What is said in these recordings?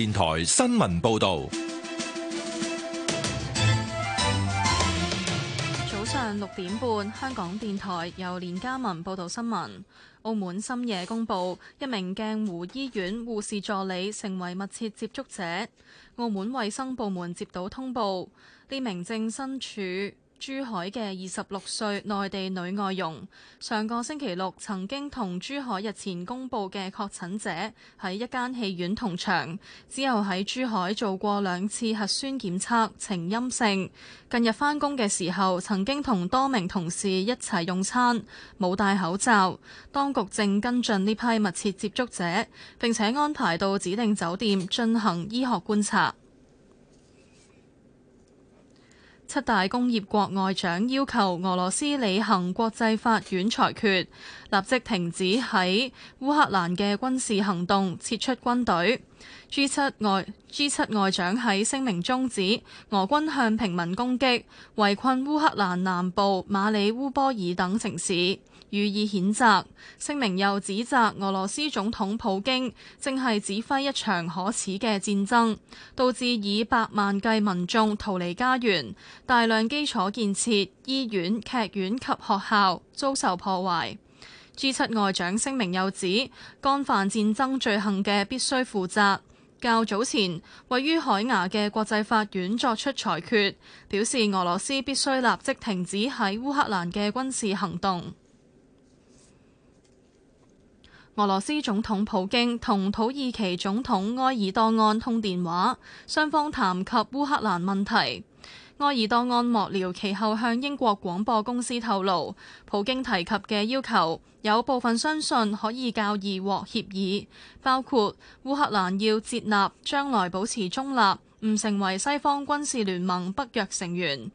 電台新聞報道：早上六點半，香港電台由連家文報道新聞。澳門深夜公布，一名鏡湖醫院護士助理成為密切接觸者。澳門衛生部門接到通報，呢名正身處珠海嘅二十六歲內地女外傭，上個星期六曾經同珠海日前公布嘅確診者喺一間戲院同場，之後喺珠海做過兩次核酸檢測呈陰性。近日返工嘅時候，曾經同多名同事一齊用餐，冇戴口罩。當局正跟進呢批密切接觸者，並且安排到指定酒店進行醫學觀察。七大工業國外長要求俄羅斯履行國際法院裁決，立即停止喺烏克蘭嘅軍事行動，撤出軍隊。G7 外，G7 外長喺聲明中指，俄軍向平民攻擊，圍困烏克蘭南部馬里烏波爾等城市。予以譴責，聲明又指責俄羅斯總統普京正係指揮一場可恥嘅戰爭，導致以百萬計民眾逃離家園，大量基礎建設、醫院、劇院及學校遭受破壞。G7 外長聲明又指，干犯戰爭罪行嘅必須負責。較早前，位於海牙嘅國際法院作出裁決，表示俄羅斯必須立即停止喺烏克蘭嘅軍事行動。俄羅斯總統普京同土耳其總統埃爾多安通電話，雙方談及烏克蘭問題。埃爾多安幕僚其後向英國廣播公司透露，普京提及嘅要求有部分相信可以較易獲協議，包括烏克蘭要接納將來保持中立，唔成為西方軍事聯盟北約成員。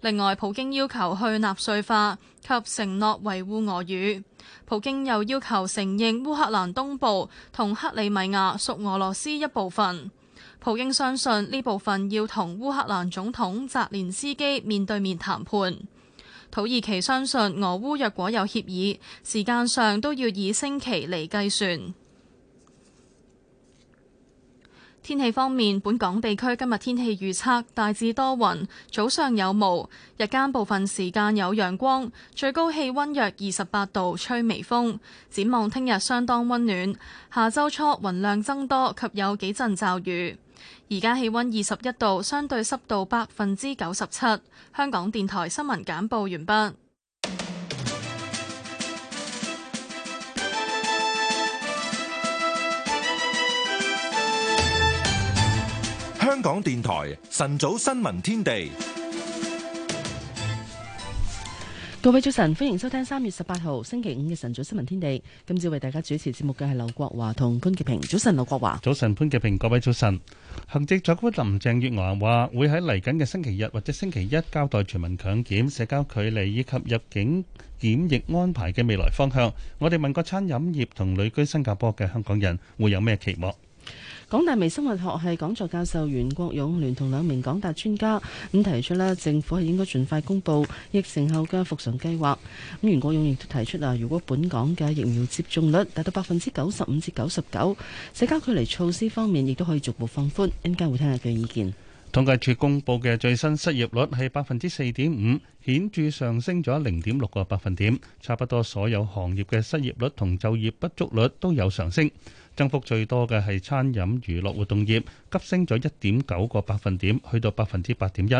另外，普京要求去納粹化及承諾維護俄語。普京又要求承認烏克蘭東部同克里米亞屬俄羅斯一部分。普京相信呢部分要同烏克蘭總統澤連斯基面對面談判。土耳其相信俄烏若果有協議，時間上都要以星期嚟計算。天氣方面，本港地區今日天氣預測大致多雲，早上有霧，日間部分時間有陽光，最高氣溫約二十八度，吹微風。展望聽日相當溫暖，下周初雲量增多及有幾陣驟雨。而家氣溫二十一度，相對濕度百分之九十七。香港電台新聞簡報完畢。香港電台晨早新聞天地，各位早晨，歡迎收聽三月十八號星期五嘅晨早新聞天地。今朝為大家主持節目嘅係劉國華同潘潔平。早晨，劉國華，早晨，潘潔平，各位早晨。行政長官林鄭月娥話會喺嚟緊嘅星期日或者星期一交代全民強檢、社交距離以及入境檢疫安排嘅未來方向。我哋問過餐飲業同旅居新加坡嘅香港人會有咩期望？港大微生物學系講座教授袁國勇，聯同兩名港大專家咁提出啦，政府係應該盡快公布疫情後嘅復常計劃。咁袁國勇亦都提出啊，如果本港嘅疫苗接種率達到百分之九十五至九十九，社交距離措施方面亦都可以逐步放寬。應該會聽下佢意見。統計處公布嘅最新失業率係百分之四點五，顯著上升咗零點六個百分點。差不多所有行業嘅失業率同就業不足率都有上升。增幅最多嘅係餐飲娛樂活動業，急升咗一點九個百分點，去到百分之八點一。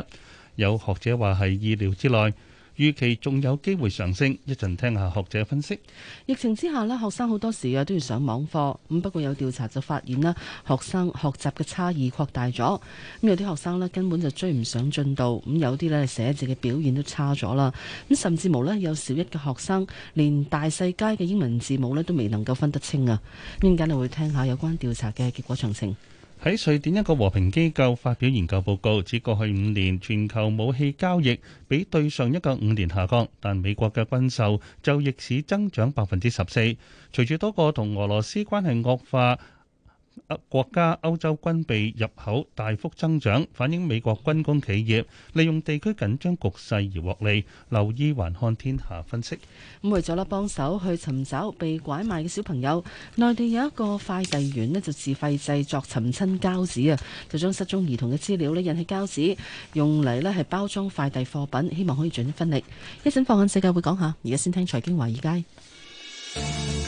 有學者話係意料之內。預期仲有機會上升，一陣聽下學者分析。疫情之下咧，學生好多時啊都要上網課咁。不過有調查就發現咧，學生學習嘅差異擴大咗咁，有啲學生咧根本就追唔上進度咁，有啲咧寫字嘅表現都差咗啦。咁甚至無咧有小一嘅學生連大細階嘅英文字母咧都未能夠分得清啊。咁陣間你會聽下有關調查嘅結果詳情。喺瑞典一個和平機構發表研究報告，指過去五年全球武器交易比對上一個五年下降，但美國嘅軍售就逆市增長百分之十四。隨住多個同俄羅斯關係惡化國家歐洲軍備入口大幅增長，反映美國軍工企業利用地區緊張局勢而獲利。留意還看天下分析。咁為咗咧幫手去尋找被拐賣嘅小朋友，內地有一個快遞員咧就自費製作尋親膠紙啊，就將失蹤兒童嘅資料咧印喺膠紙，用嚟咧係包裝快遞貨品，希望可以盡一分力。一陣放眼世界會講下，而家先聽財經華爾街。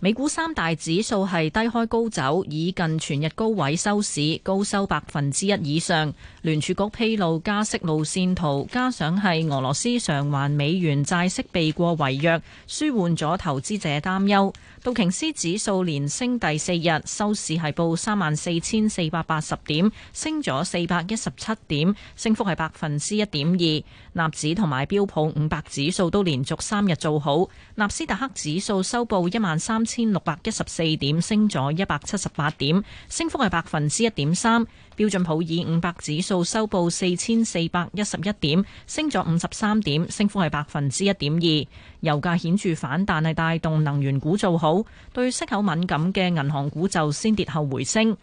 美股三大指數係低開高走，以近全日高位收市，高收百分之一以上。聯儲局披露加息路線圖，加上係俄羅斯償還美元債息避過違約，舒緩咗投資者擔憂。道瓊斯指數連升第四日，收市係報三萬四千四百八十點，升咗四百一十七點，升幅係百分之一點二。納指同埋標普五百指數都連續三日做好，納斯達克指數收報一萬三。千六百一十四點，升咗一百七十八點，升幅係百分之一點三。標準普爾五百指數收報四千四百一十一點，升咗五十三點，升幅係百分之一點二。油價顯著反彈，但係帶動能源股做好，對息口敏感嘅銀行股就先跌後回升。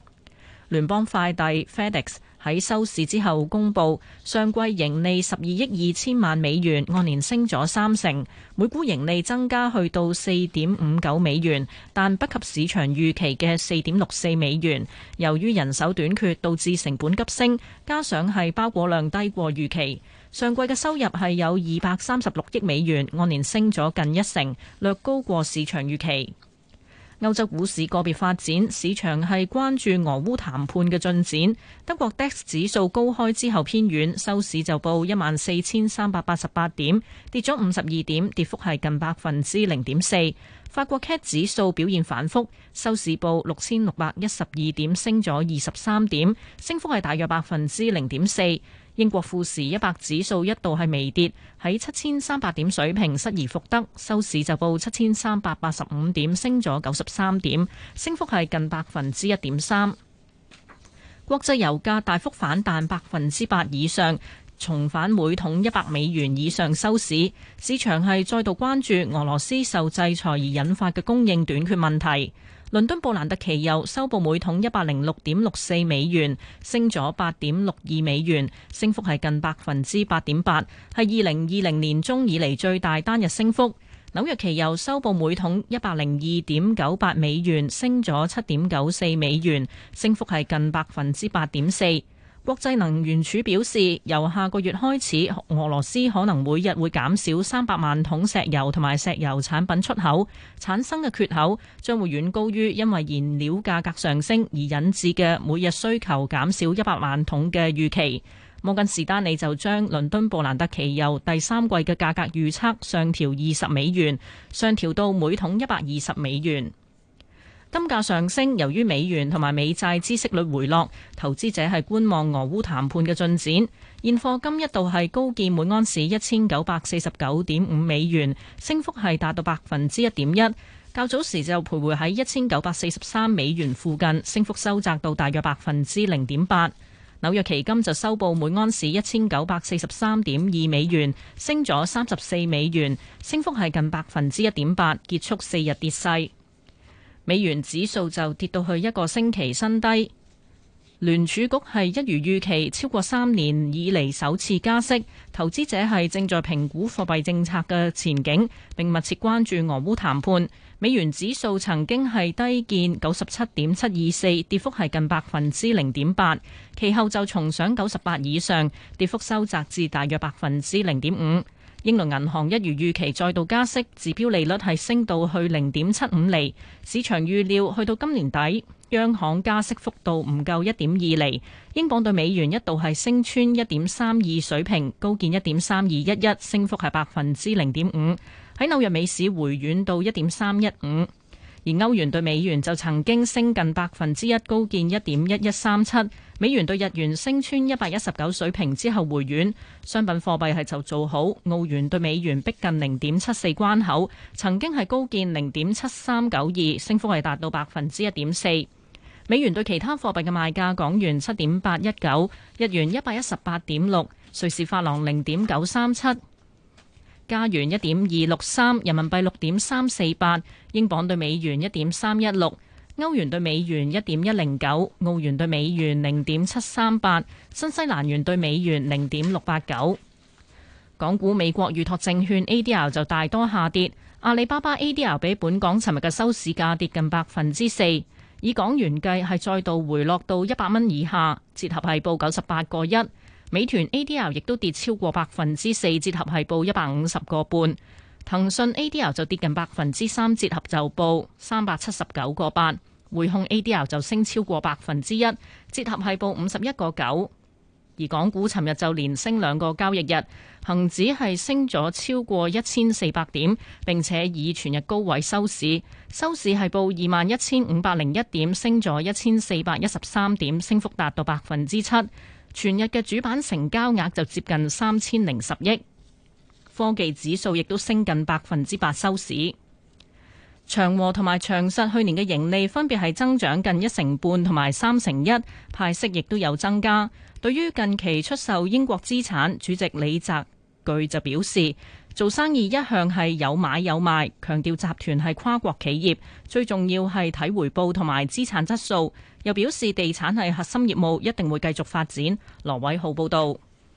聯邦快遞 FedEx。喺收市之後公佈，上季盈利十二億二千萬美元，按年升咗三成，每股盈利增加去到四點五九美元，但不及市場預期嘅四點六四美元。由於人手短缺導致成本急升，加上係包裹量低過預期，上季嘅收入係有二百三十六億美元，按年升咗近一成，略高過市場預期。歐洲股市個別發展，市場係關注俄烏談判嘅進展。德國 DAX 指數高開之後偏軟，收市就報一萬四千三百八十八點，跌咗五十二點，跌幅係近百分之零點四。法國 CAC 指數表現反覆，收市報六千六百一十二點，升咗二十三點，升幅係大約百分之零點四。英國富時一百指數一度係微跌，喺七千三百點水平失而復得，收市就報七千三百八十五點，升咗九十三點，升幅係近百分之一點三。國際油價大幅反彈百分之八以上，重返每桶一百美元以上收市。市場係再度關注俄羅斯受制裁而引發嘅供應短缺問題。倫敦布蘭特期油收報每桶一百零六點六四美元，升咗八點六二美元，升幅係近百分之八點八，係二零二零年中以嚟最大單日升幅。紐約期油收報每桶一百零二點九八美元，升咗七點九四美元，升幅係近百分之八點四。國際能源署表示，由下個月開始，俄羅斯可能每日會減少三百萬桶石油同埋石油產品出口，產生嘅缺口將會遠高於因為燃料價格上升而引致嘅每日需求減少一百萬桶嘅預期。摩根士丹利就將倫敦布蘭特期油第三季嘅價格預測上調二十美元，上調到每桶一百二十美元。金價上升，由於美元同埋美債孳息率回落，投資者係觀望俄烏談判嘅進展。現貨金一度係高見每盎士一千九百四十九點五美元，升幅係達到百分之一點一。較早時就徘徊喺一千九百四十三美元附近，升幅收窄到大約百分之零點八。紐約期金就收報每盎士一千九百四十三點二美元，升咗三十四美元，升幅係近百分之一點八，結束四日跌勢。美元指數就跌到去一個星期新低，聯儲局係一如預期，超過三年以嚟首次加息，投資者係正在評估貨幣政策嘅前景，並密切關注俄烏談判。美元指數曾經係低見九十七點七二四，跌幅係近百分之零點八，其後就重上九十八以上，跌幅收窄至大約百分之零點五。英倫銀行一如預期再度加息，指標利率係升到去零點七五厘。市場預料去到今年底，央行加息幅度唔夠一點二厘。英鎊對美元一度係升穿一點三二水平，高見一點三二一一，升幅係百分之零點五。喺紐約美市回軟到一點三一五，而歐元對美元就曾經升近百分之一，高見一點一一三七。美元對日元升穿一百一十九水平之後回軟，商品貨幣係就做好。澳元對美元逼近零點七四關口，曾經係高見零點七三九二，升幅係達到百分之一點四。美元對其他貨幣嘅賣價：港元七點八一九，日元一百一十八點六，瑞士法郎零點九三七，加元一點二六三，人民幣六點三四八，英鎊對美元一點三一六。歐元對美元一點一零九，澳元對美元零點七三八，新西蘭元對美元零點六八九。港股美國預託證券 ADR 就大多下跌，阿里巴巴 ADR 比本港尋日嘅收市價跌近百分之四，以港元計係再度回落到一百蚊以下，折合係報九十八個一。美團 ADR 亦都跌超過百分之四，折合係報一百五十個半。騰訊 ADR 就跌近百分之三，折合就報三百七十九個八，匯控 ADR 就升超過百分之一，折合係報五十一個九。而港股尋日就連升兩個交易日，恒指係升咗超過一千四百點，並且以全日高位收市，收市係報二萬一千五百零一點，升咗一千四百一十三點，升幅達到百分之七。全日嘅主板成交額就接近三千零十億。科技指數亦都升近百分之八收市。長和同埋長實去年嘅盈利分別係增長近一成半同埋三成一，派息亦都有增加。對於近期出售英國資產，主席李澤鉅就表示：做生意一向係有買有賣，強調集團係跨國企業，最重要係睇回報同埋資產質素。又表示地產係核心業務，一定會繼續發展。羅偉浩報導。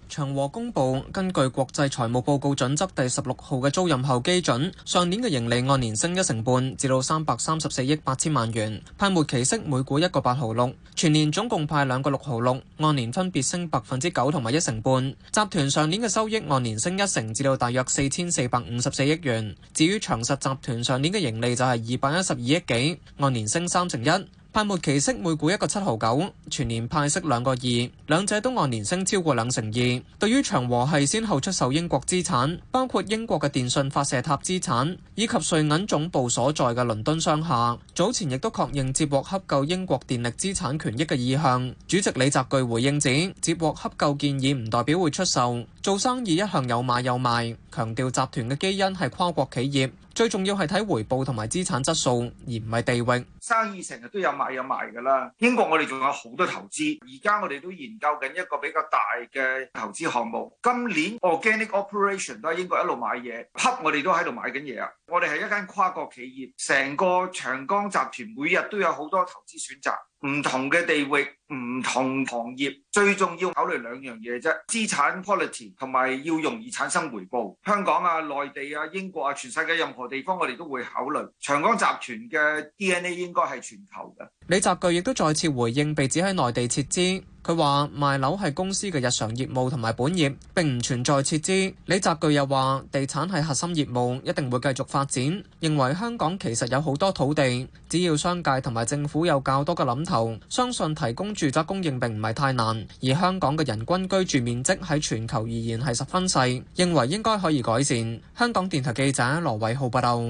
長和公布，根據國際財務報告準則第十六號嘅租賃後基準，上年嘅盈利按年升一成半，至到三百三十四億八千萬元，派末期息每股一個八毫六，全年總共派兩個六毫六，按年分別升百分之九同埋一成半。集團上年嘅收益按年升一成，至到大約四千四百五十四億元。至於長實集團上年嘅盈利就係二百一十二億幾，按年升三成一。派末期息每股一個七毫九，全年派息兩個二，兩者都按年升超過兩成二。對於長和系先後出售英國資產，包括英國嘅電信發射塔資產以及瑞銀總部所在嘅倫敦商廈，早前亦都確認接獲洽購英國電力資產權益嘅意向。主席李澤钜回應指，接獲洽購建議唔代表會出售，做生意一向有買有賣，強調集團嘅基因係跨國企業。最重要係睇回報同埋資產質素，而唔係地域。生意成日都有買有賣㗎啦。英國我哋仲有好多投資，而家我哋都研究緊一個比較大嘅投資項目。今年 organic operation 都喺英國一路買嘢，黑我哋都喺度買緊嘢啊！我哋係一間跨國企業，成個長江集團每日都有好多投資選擇，唔同嘅地域。唔同行業最重要考慮兩樣嘢啫，資產 u a l i t y 同埋要容易產生回報。香港啊、內地啊、英國啊、全世界任何地方，我哋都會考慮。長江集團嘅 DNA 應該係全球嘅。李澤鉅亦都再次回應被指喺內地撤資，佢話賣樓係公司嘅日常業務同埋本業，並唔存在撤資。李澤鉅又話地產係核心業務，一定會繼續發展。認為香港其實有好多土地，只要商界同埋政府有較多嘅諗頭，相信提供住宅供應並唔係太難，而香港嘅人均居住面積喺全球而言係十分細，認為應該可以改善。香港電台記者羅偉浩報道。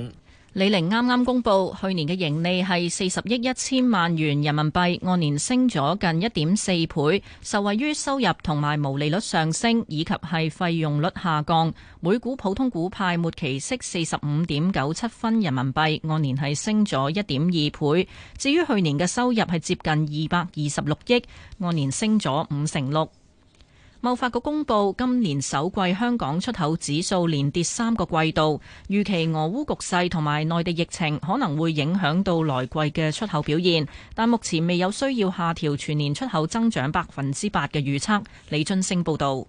李寧啱啱公布去年嘅盈利係四十億一千萬元人民幣，按年升咗近一點四倍，受惠於收入同埋毛利率上升，以及係費用率下降。每股普通股派末期息四十五點九七分人民幣，按年係升咗一點二倍。至於去年嘅收入係接近二百二十六億，按年升咗五成六。貿發局公布今年首季香港出口指數連跌三個季度，預期俄烏局勢同埋內地疫情可能會影響到來季嘅出口表現，但目前未有需要下調全年出口增長百分之八嘅預測。李俊升報道。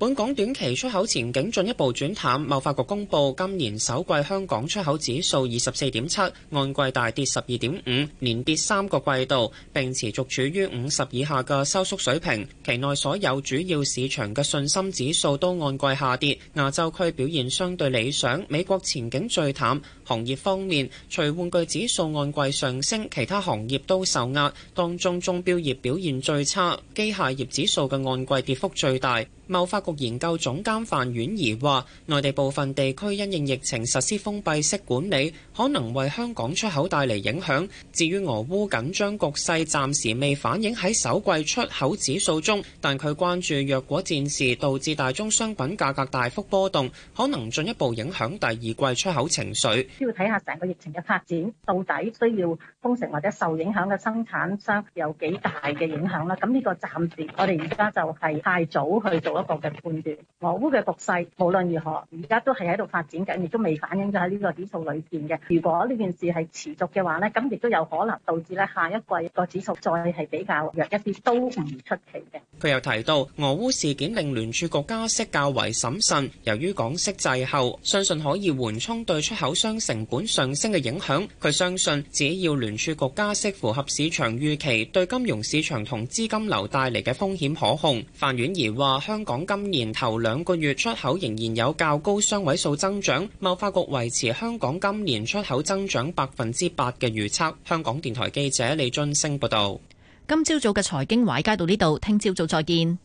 本港短期出口前景進一步轉淡。貿發局公布今年首季香港出口指數二十四點七，按季大跌十二點五，連跌三個季度，並持續處於五十以下嘅收縮水平。期內所有主要市場嘅信心指數都按季下跌，亞洲區表現相對理想，美國前景最淡。行業方面，除玩具指數按季上升，其他行業都受壓，當中鐘表業表現最差，機械業指數嘅按季跌幅最大。貿發局研究總監范婉儀話，內地部分地區因應疫情實施封閉式管理，可能為香港出口帶嚟影響。至於俄烏緊張局勢，暫時未反映喺首季出口指數中，但佢關注若果戰時導致大宗商品價格大幅波動，可能進一步影響第二季出口情緒。都要睇下成個疫情嘅發展，到底需要。封城或者受影響嘅生產商有幾大嘅影響咧？咁呢個暫時我哋而家就係太早去做一個嘅判斷。俄烏嘅局勢無論如何，而家都係喺度發展緊，亦都未反映咗喺呢個指數裏邊嘅。如果呢件事係持續嘅話咧，咁亦都有可能導致咧下一季個指數再係比較弱一啲都唔出奇嘅。佢又提到，俄烏事件令聯儲局加息較為審慎，由於港息滯後，相信可以緩衝對出口商成本上升嘅影響。佢相信只要聯聯儲局加息符合市場預期，對金融市場同資金流帶嚟嘅風險可控。范婉儀話：香港今年頭兩個月出口仍然有較高雙位數增長。貿發局維持香港今年出口增長百分之八嘅預測。香港電台記者李津升報道。今朝早嘅財經快街到呢度，聽朝早再見。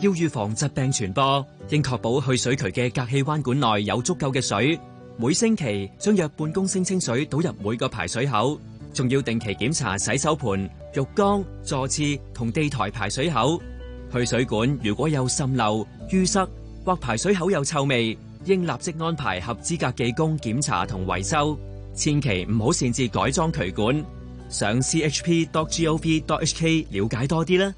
要預防疾病傳播，應確保去水渠嘅隔氣彎管內有足夠嘅水。每星期將約半公升清水倒入每個排水口，仲要定期檢查洗手盆、浴缸、坐廁同地台排水口。去水管如果有滲漏、淤塞或排水口有臭味，應立即安排合資格技工檢查同維修。千祈唔好擅自改裝渠管。上 chp.gov.hk 了解多啲啦。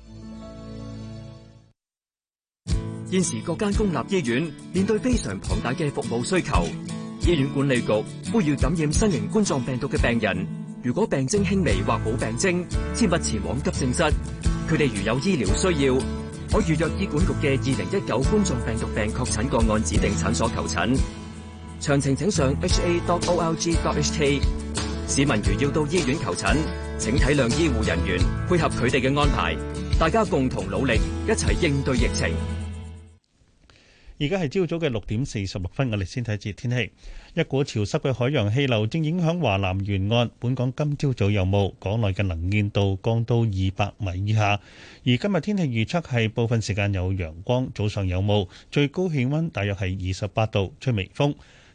現時各間公立醫院面對非常龐大嘅服務需求。醫院管理局呼籲感染新型冠狀病毒嘅病人，如果病徵輕微或冇病徵，切勿前往急症室。佢哋如有醫療需要，可預約醫管局嘅二零一九冠狀病毒病確診個案指定診所求診。詳情請上 ha.org.hk。市民如要到醫院求診，請體諒醫護人員配合佢哋嘅安排，大家共同努力，一齊應對疫情。而家係朝早嘅六點四十六分，我哋先睇下天氣。一股潮濕嘅海洋氣流正影響華南沿岸，本港今朝早早有霧，港內嘅能見度降到二百米以下。而今日天氣預測係部分時間有陽光，早上有霧，最高氣温大約係二十八度，吹微風。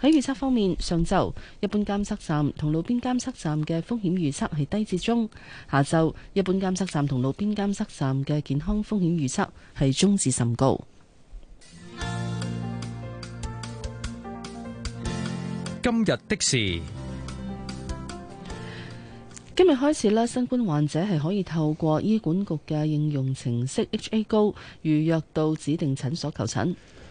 喺預測方面，上晝一般監測站同路邊監測站嘅風險預測係低至中；下晝一般監測站同路邊監測站嘅健康風險預測係中至甚高。今日的事，今日開始啦，新冠患者係可以透過醫管局嘅應用程式 HA Go 預約到指定診所求診。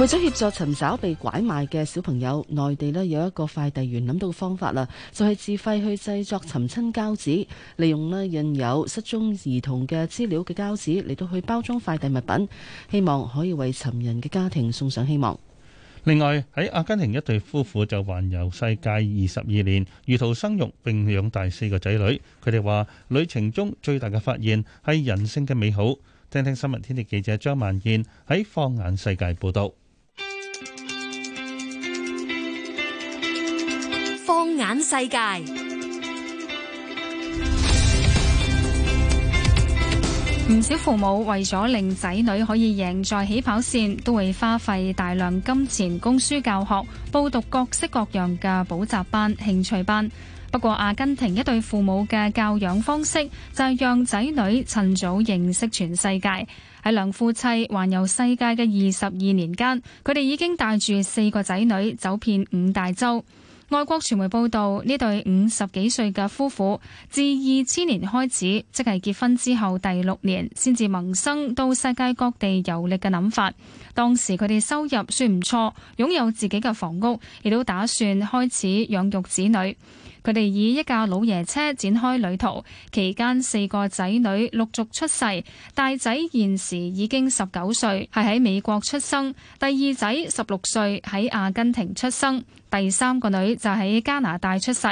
為咗協助尋找被拐賣嘅小朋友，內地呢有一個快遞員諗到個方法啦，就係自費去製作尋親膠紙，利用呢印有失蹤兒童嘅資料嘅膠紙嚟到去包裝快遞物品，希望可以為尋人嘅家庭送上希望。另外喺阿根廷，一對夫婦就環遊世界二十二年，如圖生育並養大四個仔女。佢哋話旅程中最大嘅發現係人性嘅美好。聽聽新聞天地記者張曼燕喺放眼世界報道。眼世界，唔少父母為咗令仔女可以贏在起跑綫，都會花費大量金錢供書教學、報讀各式各樣嘅補習班、興趣班。不過，阿根廷一對父母嘅教養方式就係讓仔女趁早認識全世界。喺兩夫妻環游世界嘅二十二年間，佢哋已經帶住四個仔女走遍五大洲。外國傳媒報道，呢對五十幾歲嘅夫婦，自二千年開始，即係結婚之後第六年，先至萌生到世界各地遊歷嘅諗法。當時佢哋收入算唔錯，擁有自己嘅房屋，亦都打算開始養育子女。佢哋以一架老爺車展開旅途，期間四個仔女陸續出世。大仔現時已經十九歲，係喺美國出生；第二仔十六歲喺阿根廷出生；第三個女就喺加拿大出世，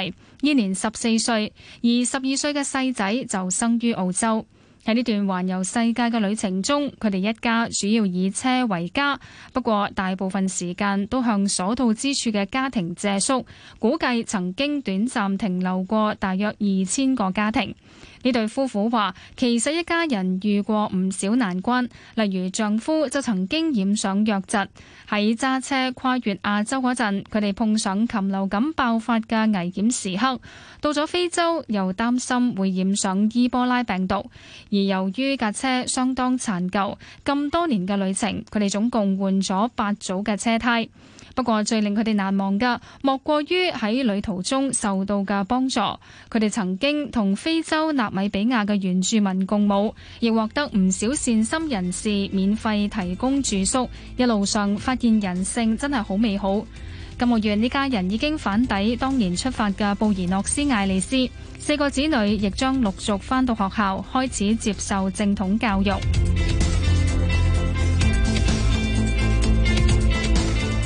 現年十四歲；而十二歲嘅細仔就生於澳洲。喺呢段環遊世界嘅旅程中，佢哋一家主要以車為家，不過大部分時間都向所到之處嘅家庭借宿，估計曾經短暫停留過大約二千個家庭。呢對夫婦話，其實一家人遇過唔少難關，例如丈夫就曾經染上瘧疾，喺揸車跨越亞洲嗰陣，佢哋碰上禽流感爆發嘅危險時刻；到咗非洲又擔心會染上伊波拉病毒。而由於架車相當殘舊，咁多年嘅旅程，佢哋總共換咗八組嘅車胎。不過最令佢哋難忘嘅，莫過於喺旅途中受到嘅幫助。佢哋曾經同非洲納米比亞嘅原住民共舞，亦獲得唔少善心人士免費提供住宿。一路上發現人性真係好美好。今個月呢家人已經返抵當年出發嘅布宜諾斯艾利斯，四個子女亦將陸續返到學校，開始接受正統教育。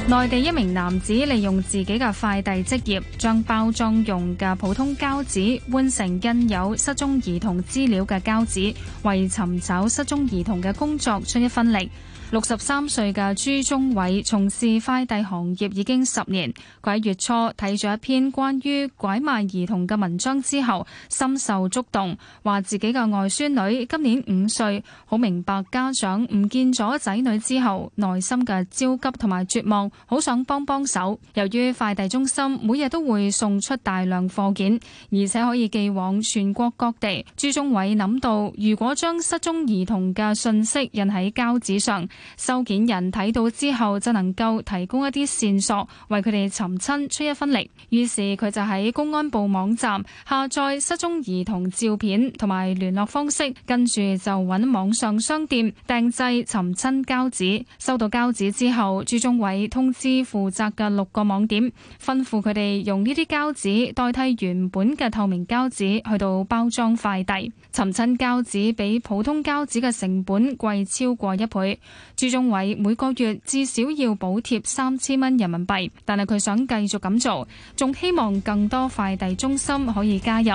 內地一名男子利用自己嘅快遞職業，將包裝用嘅普通膠紙換成印有失蹤兒童資料嘅膠紙，為尋找失蹤兒童嘅工作出一分力。六十三歲嘅朱宗偉從事快遞行業已經十年。佢喺月初睇咗一篇關於拐賣兒童嘅文章之後，深受觸動，話自己嘅外孫女今年五歲，好明白家長唔見咗仔女之後內心嘅焦急同埋絕望，好想幫幫手。由於快遞中心每日都會送出大量貨件，而且可以寄往全國各地，朱宗偉諗到，如果將失蹤兒童嘅信息印喺膠紙上，收件人睇到之後，就能夠提供一啲線索，為佢哋尋親出一分力。於是佢就喺公安部網站下載失蹤兒童照片同埋聯絡方式，跟住就揾網上商店訂製尋親膠紙。收到膠紙之後，朱宗偉通知負責嘅六個網點，吩咐佢哋用呢啲膠紙代替原本嘅透明膠紙去到包裝快遞。尋親膠紙比普通膠紙嘅成本貴超過一倍。朱宗偉每個月至少要補貼三千蚊人民幣，但係佢想繼續咁做，仲希望更多快遞中心可以加入。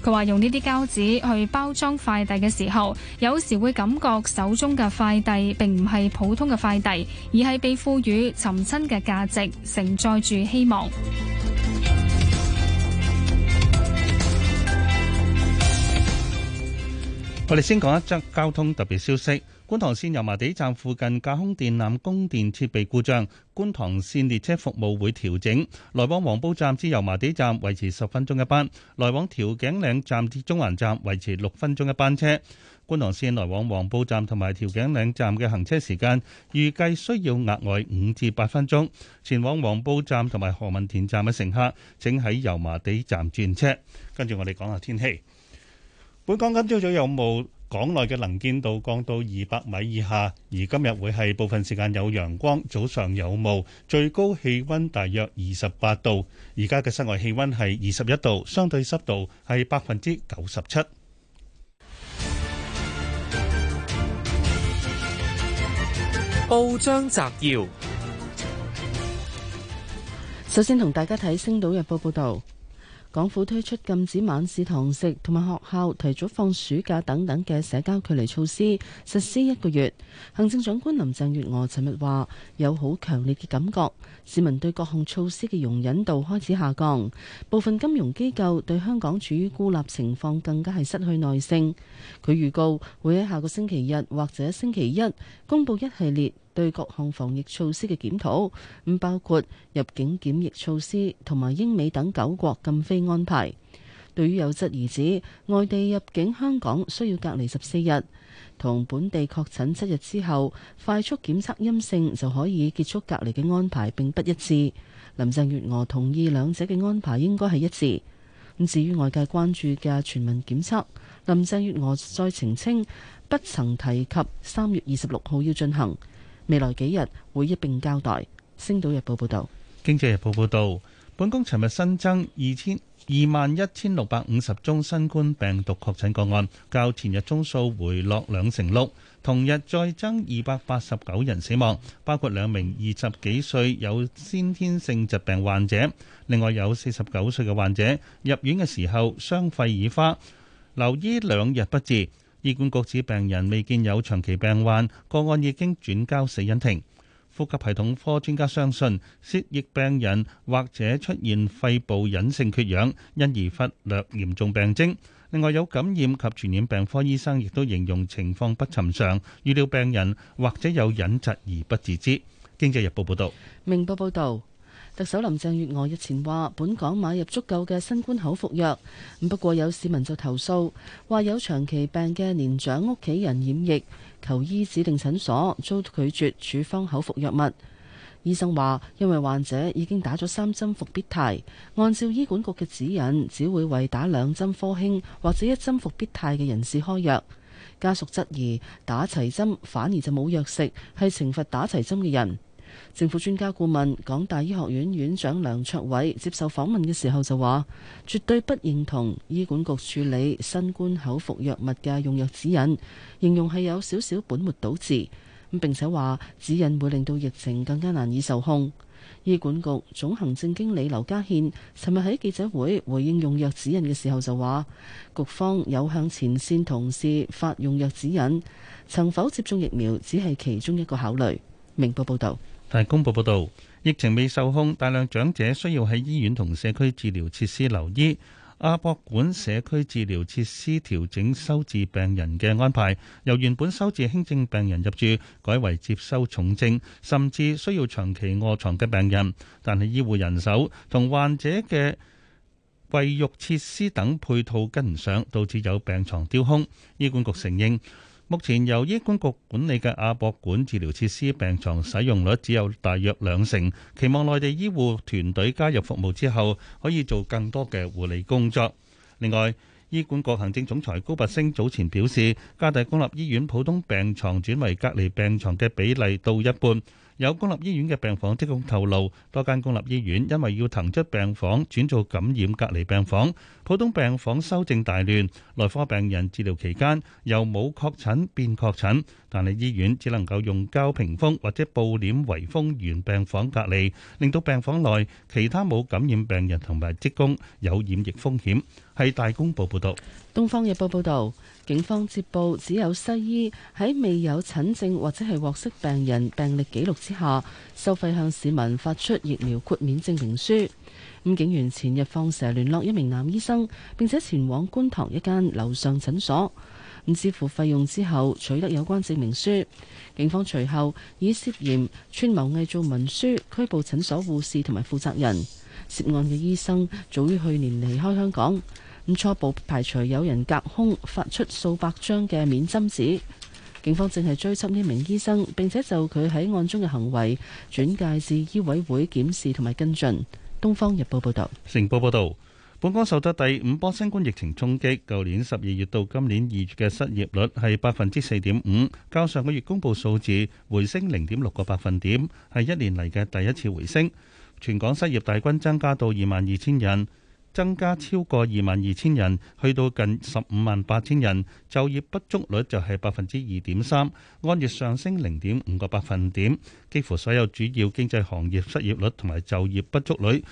佢話用呢啲膠紙去包裝快遞嘅時候，有時會感覺手中嘅快遞並唔係普通嘅快遞，而係被賦予尋親嘅價值，承載住希望。我哋先講一則交通特別消息：觀塘綫油麻地站附近架空電纜供電設備故障，觀塘綫列車服務會調整，來往黃埔站至油麻地站維持十分鐘一班，來往調景嶺站至中環站維持六分鐘一班車。觀塘綫來往黃埔站同埋調景嶺站嘅行車時間預計需要額外五至八分鐘。前往黃埔站同埋何文田站嘅乘客，請喺油麻地站轉車。跟住我哋講下天氣。本港今朝早有霧，港內嘅能見度降到二百米以下，而今日會係部分時間有陽光，早上有霧，最高氣溫大約二十八度，而家嘅室外氣溫係二十一度，相對濕度係百分之九十七。報章摘要，首先同大家睇《星島日報》報道。港府推出禁止晚市堂食同埋學校提早放暑假等等嘅社交距離措施，實施一個月。行政長官林鄭月娥尋日話：有好強烈嘅感覺，市民對各項措施嘅容忍度開始下降，部分金融機構對香港處於孤立情況更加係失去耐性。佢預告會喺下個星期日或者星期一公布一系列。對各項防疫措施嘅檢討，咁包括入境檢疫措施同埋英美等九國禁飛安排。對於有質疑指外地入境香港需要隔離十四日，同本地確診七日之後快速檢測陰性就可以結束隔離嘅安排並不一致。林鄭月娥同意兩者嘅安排應該係一致。咁至於外界關注嘅全民檢測，林鄭月娥再澄清不曾提及三月二十六號要進行。未來幾日會一併交代。星島日報報道，經濟日報報道，本港尋日新增二千二萬一千六百五十宗新冠病毒確診個案，較前日宗數回落兩成六。同日再增二百八十九人死亡，包括兩名二十幾歲有先天性疾病患者，另外有四十九歲嘅患者入院嘅時候雙肺已花，留醫兩日不治。醫管局指病人未見有長期病患個案，已經轉交死因庭。呼吸系統科專家相信，涉疫病人或者出現肺部隱性缺氧，因而忽略嚴重病徵。另外，有感染及傳染病科醫生亦都形容情況不尋常，預料病人或者有隱疾而不自知。經濟日報報道，明報報道。特首林鄭月娥日前話，本港買入足夠嘅新冠口服藥。不過有市民就投訴，話有長期病嘅年長屋企人染疫，求醫指定診所遭拒絕處方口服藥物。醫生話，因為患者已經打咗三針復必泰，按照醫管局嘅指引，只會為打兩針科興或者一針復必泰嘅人士開藥。家屬質疑，打齊針反而就冇藥食，係懲罰打齊針嘅人。政府專家顧問港大醫學院院長梁卓偉接受訪問嘅時候就話：絕對不認同醫管局處理新冠口服藥物嘅用藥指引，形容係有少少本末倒置咁。並且話指引會令到疫情更加難以受控。醫管局總行政經理劉家憲尋日喺記者會回應用藥指引嘅時候就話：局方有向前線同事發用藥指引，曾否接種疫苗只係其中一個考慮。明報報導。大公報報導，疫情未受控，大量長者需要喺醫院同社區治療設施留醫。亞博館社區治療設施調整收治病人嘅安排，由原本收治輕症病人入住，改為接收重症甚至需要長期臥床嘅病人。但係醫護人手同患者嘅衞浴設施等配套跟唔上，導致有病床丟空。醫管局承認。目前由醫管局管理嘅亞博館治療設施病床使用率只有大約兩成，期望內地醫護團隊加入服務之後，可以做更多嘅護理工作。另外，醫管局行政總裁高拔昇早前表示，加大公立醫院普通病床轉為隔離病床嘅比例到一半。有公立醫院嘅病房職工透露，多間公立醫院因為要騰出病房轉做感染隔離病房，普通病房收症大亂，內科病人治療期間由冇確診變確診，但係醫院只能夠用膠屏風或者布簾圍封原病房隔離，令到病房內其他冇感染病人同埋職工有染疫風險。係大公報報導，《東方日報》報導。警方接報，只有西醫喺未有診症或者係獲悉病人病歷記錄之下，收費向市民發出疫苗豁免證明書。咁警員前日放蛇聯絡一名男醫生，並且前往觀塘一間樓上診所，咁支付費用之後取得有關證明書。警方隨後以涉嫌串謀偽造文書拘捕診所護士同埋負責人。涉案嘅醫生早於去年離開香港。初步排除有人隔空發出數百張嘅免針紙，警方正係追緝一名醫生，並且就佢喺案中嘅行為轉介至醫委會檢視同埋跟進。《東方日報》報道，《成報》報道，本港受得第五波新冠疫情衝擊，舊年十二月到今年二月嘅失業率係百分之四點五，較上個月公佈數字回升零點六個百分點，係一年嚟嘅第一次回升。全港失業大軍增加到二萬二千人。增加超過二萬二千人，去到近十五萬八千人，就業不足率就係百分之二點三，按月上升零點五個百分點，幾乎所有主要經濟行業失業率同埋就業不足率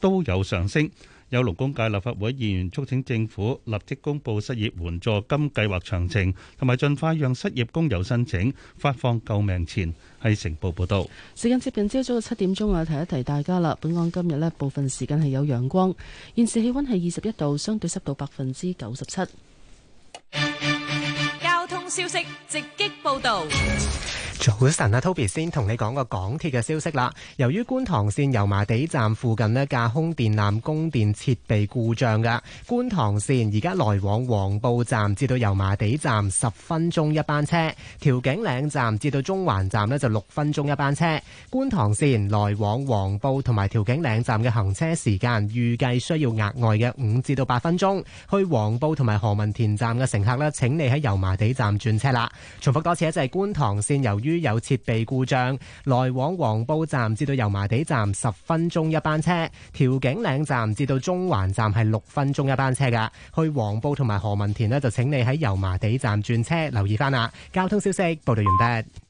都有上升。有勞工界立法會議員促請政府立即公布失業援助金計劃詳情，同埋盡快讓失業工友申請發放救命錢。係成報報道。時間接近朝早嘅七點鐘，我提一提大家啦。本港今日呢部分時間係有陽光，現時氣溫係二十一度，相對濕度百分之九十七。交通消息直擊報道。早晨啊，Toby 先同你講個港鐵嘅消息啦。由於觀塘綫油麻地站附近咧，架空電纜供電設備故障嘅，觀塘綫而家來往黃埔站至到油麻地站十分鐘一班車，調景嶺站至到中環站咧就六分鐘一班車。觀塘綫來往黃埔同埋調景嶺站嘅行車時間預計需要額外嘅五至到八分鐘。去黃埔同埋何文田站嘅乘客咧，請你喺油麻地站轉車啦。重複多次啊，就係觀塘綫由於。於有設備故障，來往黃埔站至到油麻地站十分鐘一班車，調景嶺站至到中環站係六分鐘一班車噶。去黃埔同埋何文田呢，就請你喺油麻地站轉車，留意翻啦。交通消息報道完畢。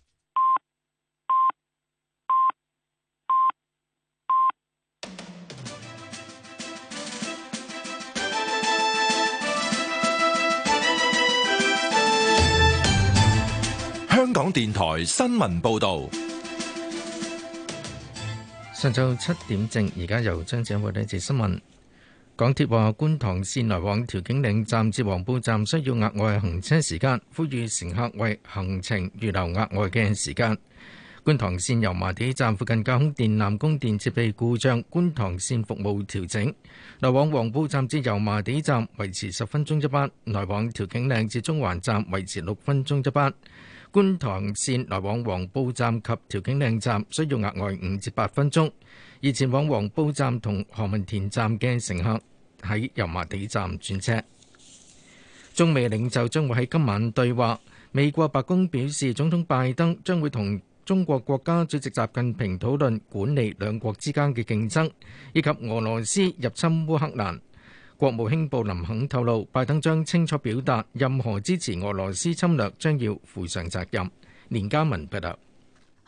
香港電台新聞報道，上晝七點正，而家由張展偉帶住新聞。港鐵話：觀塘綫來往調景嶺站至黃埔站需要額外行車時間，呼籲乘客為行程預留額外嘅時間。觀塘綫油麻地站附近架空電纜供電設備故障，觀塘綫服務調整，來往黃埔站至油麻地站維持十分鐘一班，來往調景嶺至中環站維持六分鐘一班。觀塘綫來往黃埔站及調景嶺站需要額外五至八分鐘，而前往黃埔站同何文田站嘅乘客喺油麻地站轉車。中美領袖將會喺今晚對話。美國白宮表示，總統拜登將會同中國國家主席習近平討論管理兩國之間嘅競爭，以及俄羅斯入侵烏克蘭。國務卿布林肯透露，拜登將清楚表達，任何支持俄羅斯侵略將要負上責任。連家文報道。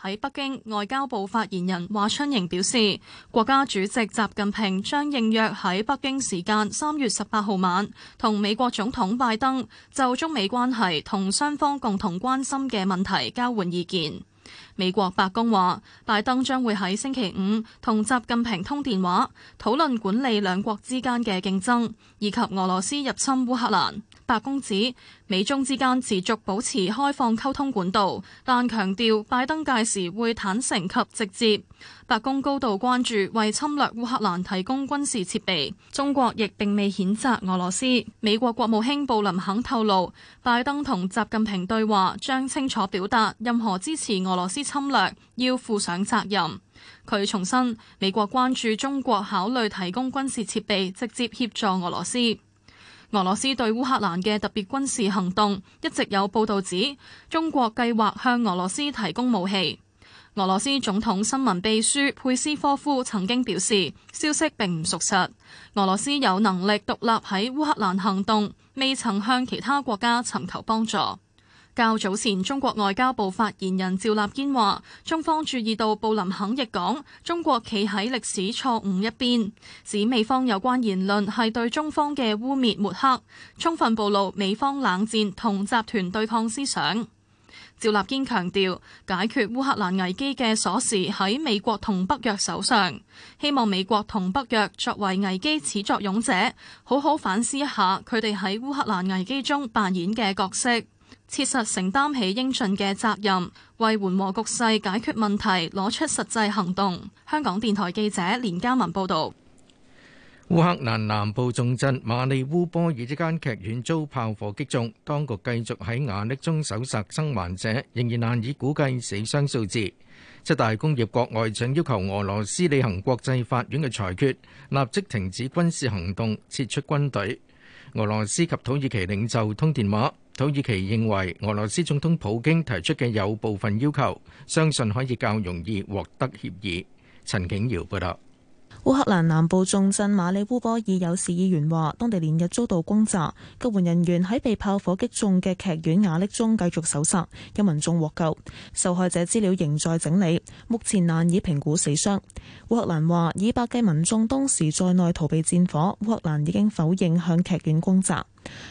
喺北京，外交部發言人華春瑩表示，國家主席習近平將應約喺北京時間三月十八號晚同美國總統拜登就中美關係同雙方共同關心嘅問題交換意見。美國白宮話，拜登將會喺星期五同習近平通電話，討論管理兩國之間嘅競爭，以及俄羅斯入侵烏克蘭。白宮指，美中之間持續保持開放溝通管道，但強調拜登屆時會坦誠及直接。白宮高度關注為侵略烏克蘭提供軍事設備，中國亦並未譴責俄羅斯。美國國務卿布林肯透露，拜登同習近平對話將清楚表達，任何支持俄羅斯侵略要負上責任。佢重申，美國關注中國考慮提供軍事設備，直接協助俄羅斯。俄羅斯對烏克蘭嘅特別軍事行動，一直有報道指，中國計劃向俄羅斯提供武器。俄羅斯總統新聞秘書佩斯科夫曾經表示，消息並唔屬實。俄羅斯有能力獨立喺烏克蘭行動，未曾向其他國家尋求幫助。較早前，中國外交部發言人趙立堅話，中方注意到布林肯亦講中國企喺歷史錯誤一邊，指美方有關言論係對中方嘅污蔑抹黑，充分暴露美方冷戰同集團對抗思想。趙立堅強調，解決烏克蘭危機嘅鎖匙喺美國同北約手上，希望美國同北約作為危機始作俑者，好好反思一下佢哋喺烏克蘭危機中扮演嘅角色，切實承擔起應盡嘅責任，為緩和局勢、解決問題攞出實際行動。香港電台記者連家文報導。烏克蘭南部重鎮馬利烏波爾一間劇院遭炮火擊中，當局繼續喺瓦礫中搜尋生還者，仍然難以估計死傷數字。七大工業國外長要求俄羅斯履行國際法院嘅裁決，立即停止軍事行動，撤出軍隊。俄羅斯及土耳其領袖通電話。土耳其認為俄羅斯總統普京提出嘅有部分要求，相信可以較容易獲得協議。陳景瑤報道。烏克蘭南部重鎮馬里烏波爾有市議員話，當地連日遭到轟炸，救援人員喺被炮火擊中嘅劇院瓦礫中繼續搜查，有民眾獲救，受害者資料仍在整理，目前難以評估死傷。烏克蘭話，以百計民眾當時在內逃避戰火，烏克蘭已經否認向劇院轟炸。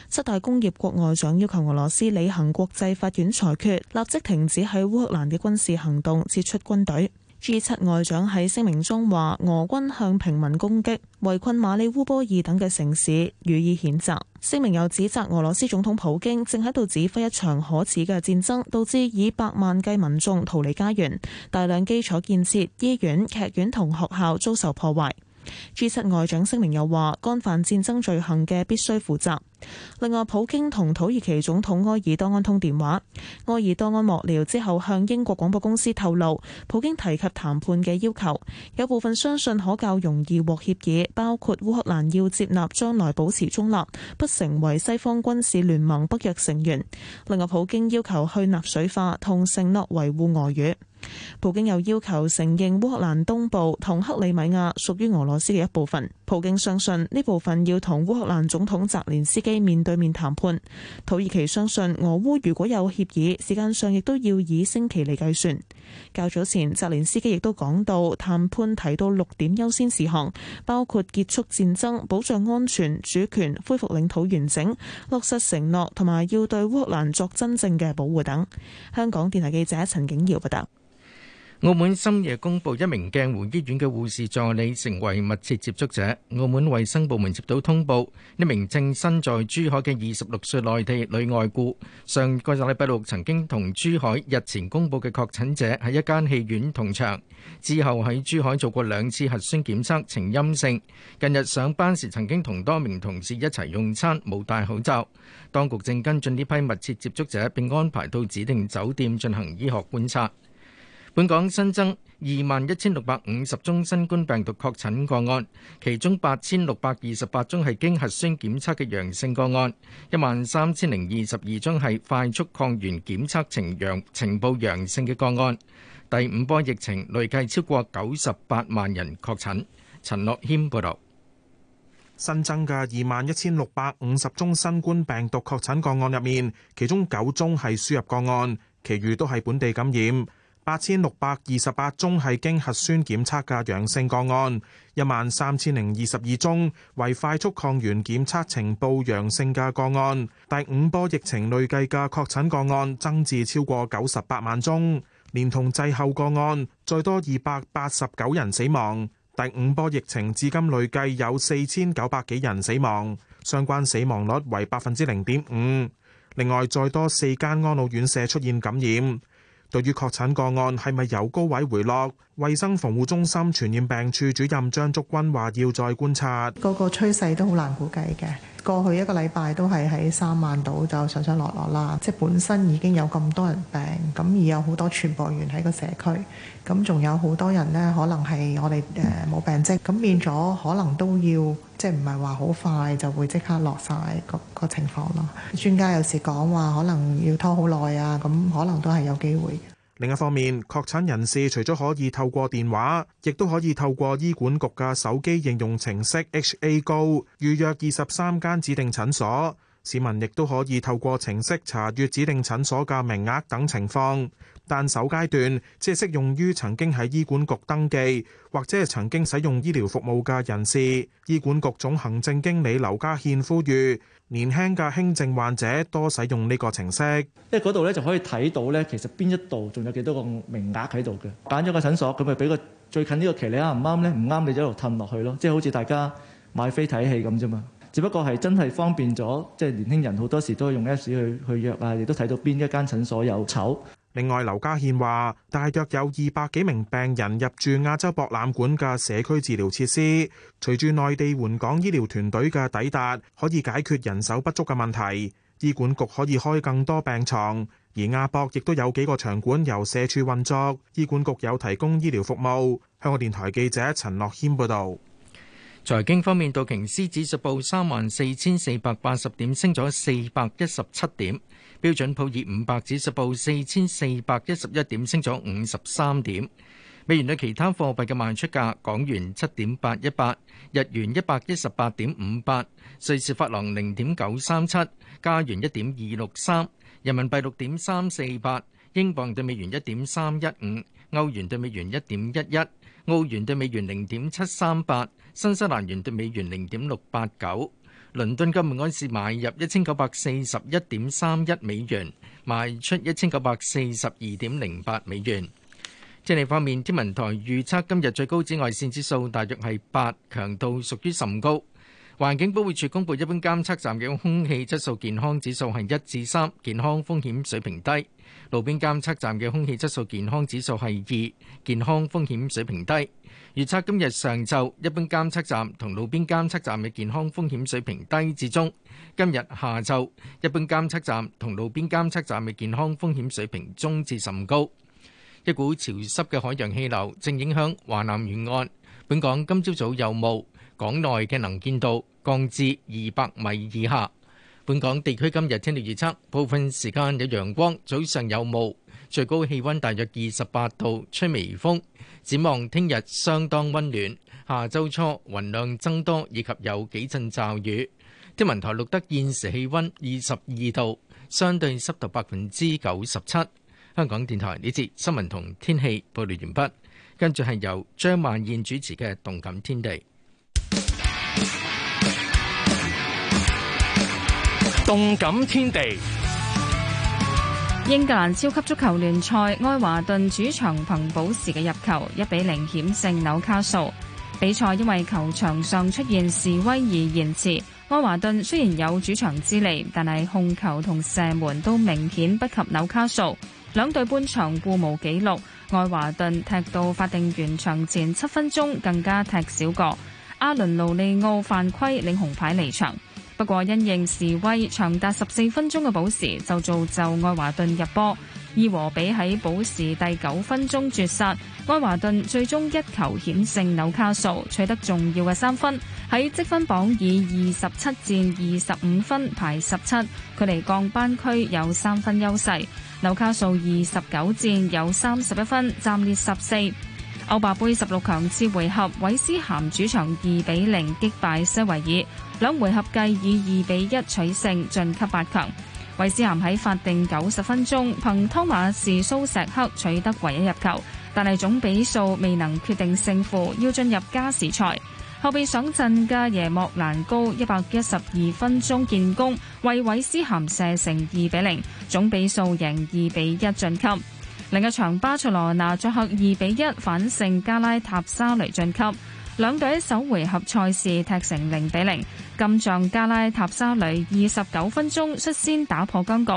七大工業國外長要求俄羅斯履行國際法院裁決，立即停止喺烏克蘭嘅軍事行動，撤出軍隊。G7 外長喺聲明中話，俄軍向平民攻擊、圍困馬里烏波爾等嘅城市，予以譴責。聲明又指責俄羅斯總統普京正喺度指揮一場可恥嘅戰爭，導致以百萬計民眾逃離家園，大量基礎建設、醫院、劇院同學校遭受破壞。G7 外長聲明又話，干犯戰爭罪行嘅必須負責。另外，普京同土耳其總統埃爾多安通電話，埃爾多安幕僚之後向英國廣播公司透露，普京提及談判嘅要求，有部分相信可較容易獲協議，包括烏克蘭要接納將來保持中立，不成為西方軍事聯盟北約成員。另外，普京要求去納粹化同承諾維護俄語。普京又要求承認烏克蘭東部同克里米亞屬於俄羅斯嘅一部分。普京相信呢部分要同烏克蘭總統澤連斯基面對面談判。土耳其相信俄烏如果有協議，時間上亦都要以星期嚟計算。較早前，澤連斯基亦都講到談判提到六點優先事項，包括結束戰爭、保障安全、主權、恢復領土完整、落實承諾同埋要對烏克蘭作真正嘅保護等。香港電台記者陳景瑤報道。澳門深夜公布一名鏡湖醫院嘅護士助理成為密切接觸者。澳門衛生部門接到通報，一名正身在珠海嘅二十六歲內地女外僱，上個禮拜六曾經同珠海日前公布嘅確診者喺一間戲院同場，之後喺珠海做過兩次核酸檢測呈陰性。近日上班時曾經同多名同事一齊用餐，冇戴口罩。當局正跟進呢批密切接觸者，並安排到指定酒店進行醫學觀察。本港新增二萬一千六百五十宗新冠病毒確診個案，其中八千六百二十八宗係經核酸檢測嘅陽性個案，一萬三千零二十二宗係快速抗原檢測呈陽呈報陽性嘅個案。第五波疫情累計超過九十八萬人確診。陳樂謙報道。新增嘅二萬一千六百五十宗新冠病毒確診個案入面，其中九宗係輸入個案，其餘都係本地感染。八千六百二十八宗係經核酸檢測嘅陽性個案，一萬三千零二十二宗為快速抗原檢測呈報陽性嘅個案。第五波疫情累計嘅確診個案增至超過九十八萬宗，連同滯後個案，再多二百八十九人死亡。第五波疫情至今累計有四千九百幾人死亡，相關死亡率為百分之零點五。另外，再多四間安老院舍出現感染。對於確診個案係咪由高位回落？衞生防護中心傳染病處主任張竹君話：要再觀察，個個趨勢都好難估計嘅。過去一個禮拜都係喺三萬度就上上落落啦，即係本身已經有咁多人病，咁而有好多傳播源喺個社區，咁仲有好多人呢，可能係我哋誒冇病徵，咁變咗可能都要即係唔係話好快就會即刻落晒個個情況咯。專家有時講話可能要拖好耐啊，咁可能都係有機會。另一方面，確診人士除咗可以透過電話，亦都可以透過醫管局嘅手機應用程式 HAGo 預約二十三間指定診所。市民亦都可以透過程式查閱指定診所嘅名額等情況。但首階段只係適用於曾經喺醫管局登記或者係曾經使用醫療服務嘅人士。醫管局總行政經理劉家憲呼籲年輕嘅輕症患者多使用呢個程式，即係嗰度咧就可以睇到咧，其實邊一度仲有幾多個名額喺度嘅。揀咗個診所，咁咪俾個最近個呢個期，你啱唔啱咧？唔啱你就一路褪落去咯，即係好似大家買飛睇戲咁啫嘛。只不過係真係方便咗，即係年輕人好多時都用 S 去去約啊，亦都睇到邊一間診所有籌。另外，劉家獻話，大約有二百幾名病人入住亞洲博覽館嘅社區治療設施。隨住內地援港醫療團隊嘅抵達，可以解決人手不足嘅問題。醫管局可以開更多病床，而亞博亦都有幾個場館由社署運作，醫管局有提供醫療服務。香港電台記者陳樂軒報導。財經方面，道瓊斯指數報三萬四千四百八十34，點，升咗四百一十七點。標準普爾五百指數報四千四百一十一點，升咗五十三點。美元對其他貨幣嘅賣出價：港元七點八一八，日元一百一十八點五八，瑞士法郎零點九三七，加元一點二六三，人民幣六點三四八，英鎊對美元一點三一五，歐元對美元一點一一，澳元對美元零點七三八，新西蘭元對美元零點六八九。倫敦金每安士買入一千九百四十一點三一美元，賣出一千九百四十二點零八美元。天氣方面，天文台預測今日最高紫外線指數大約係八，強度屬於甚高。環境保護署公布一般監測站嘅空氣質素健康指數係一至三，健康風險水平低；路邊監測站嘅空氣質素健康指數係二，健康風險水平低。預測今日上晝一般監測站同路邊監測站嘅健康風險水平低至中。今日下晝一般監測站同路邊監測站嘅健康風險水平中至甚高。一股潮濕嘅海洋氣流正影響華南沿岸。本港今朝早有霧，港內嘅能見度降至二百米以下。本港地區今日天氣預測部分時間有陽光，早上有霧。最高氣溫大約二十八度，吹微風。展望聽日相當溫暖，下周初雲量增多以及有幾陣驟雨。天文台錄得現時氣溫二十二度，相對濕度百分之九十七。香港電台呢節新聞同天氣報道完畢，跟住係由張萬燕主持嘅《動感天地》。《動感天地》英格蘭超級足球聯賽，愛華頓主場憑保時嘅入球，一比零險勝紐卡素。比賽因為球場上出現示威而延遲。愛華頓雖然有主場之利，但係控球同射門都明顯不及紐卡素。兩隊半場互無紀錄。愛華頓踢到法定完場前七分鐘，更加踢少個。阿倫盧利奧犯規領紅牌離場。不過，因應示威，長達十四分鐘嘅補時就造就愛華頓入波。伊和比喺補時第九分鐘絕殺，愛華頓最終一球險勝紐卡素，取得重要嘅三分。喺積分榜以二十七戰二十五分排十七，距離降班區有三分優勢。紐卡素二十九戰有三十一分，暫列十四。歐霸杯十六強次回合，韋斯咸主場二比零擊敗西維爾。兩回合計，以二比一取勝晉級八強。韋斯咸喺法定九十分鐘，憑湯馬士蘇石克取得唯一入球，但係總比數未能決定勝負，要進入加時賽。後備上陣加耶莫蘭高一百一十二分鐘建功，為韋斯咸射成二比零，總比數贏二比一晉級。另一場巴塞羅那作客二比一反勝加拉塔沙雷晉級。兩隊首回合賽事踢成零比零，今仗加拉塔沙雷二十九分鐘率先打破僵局，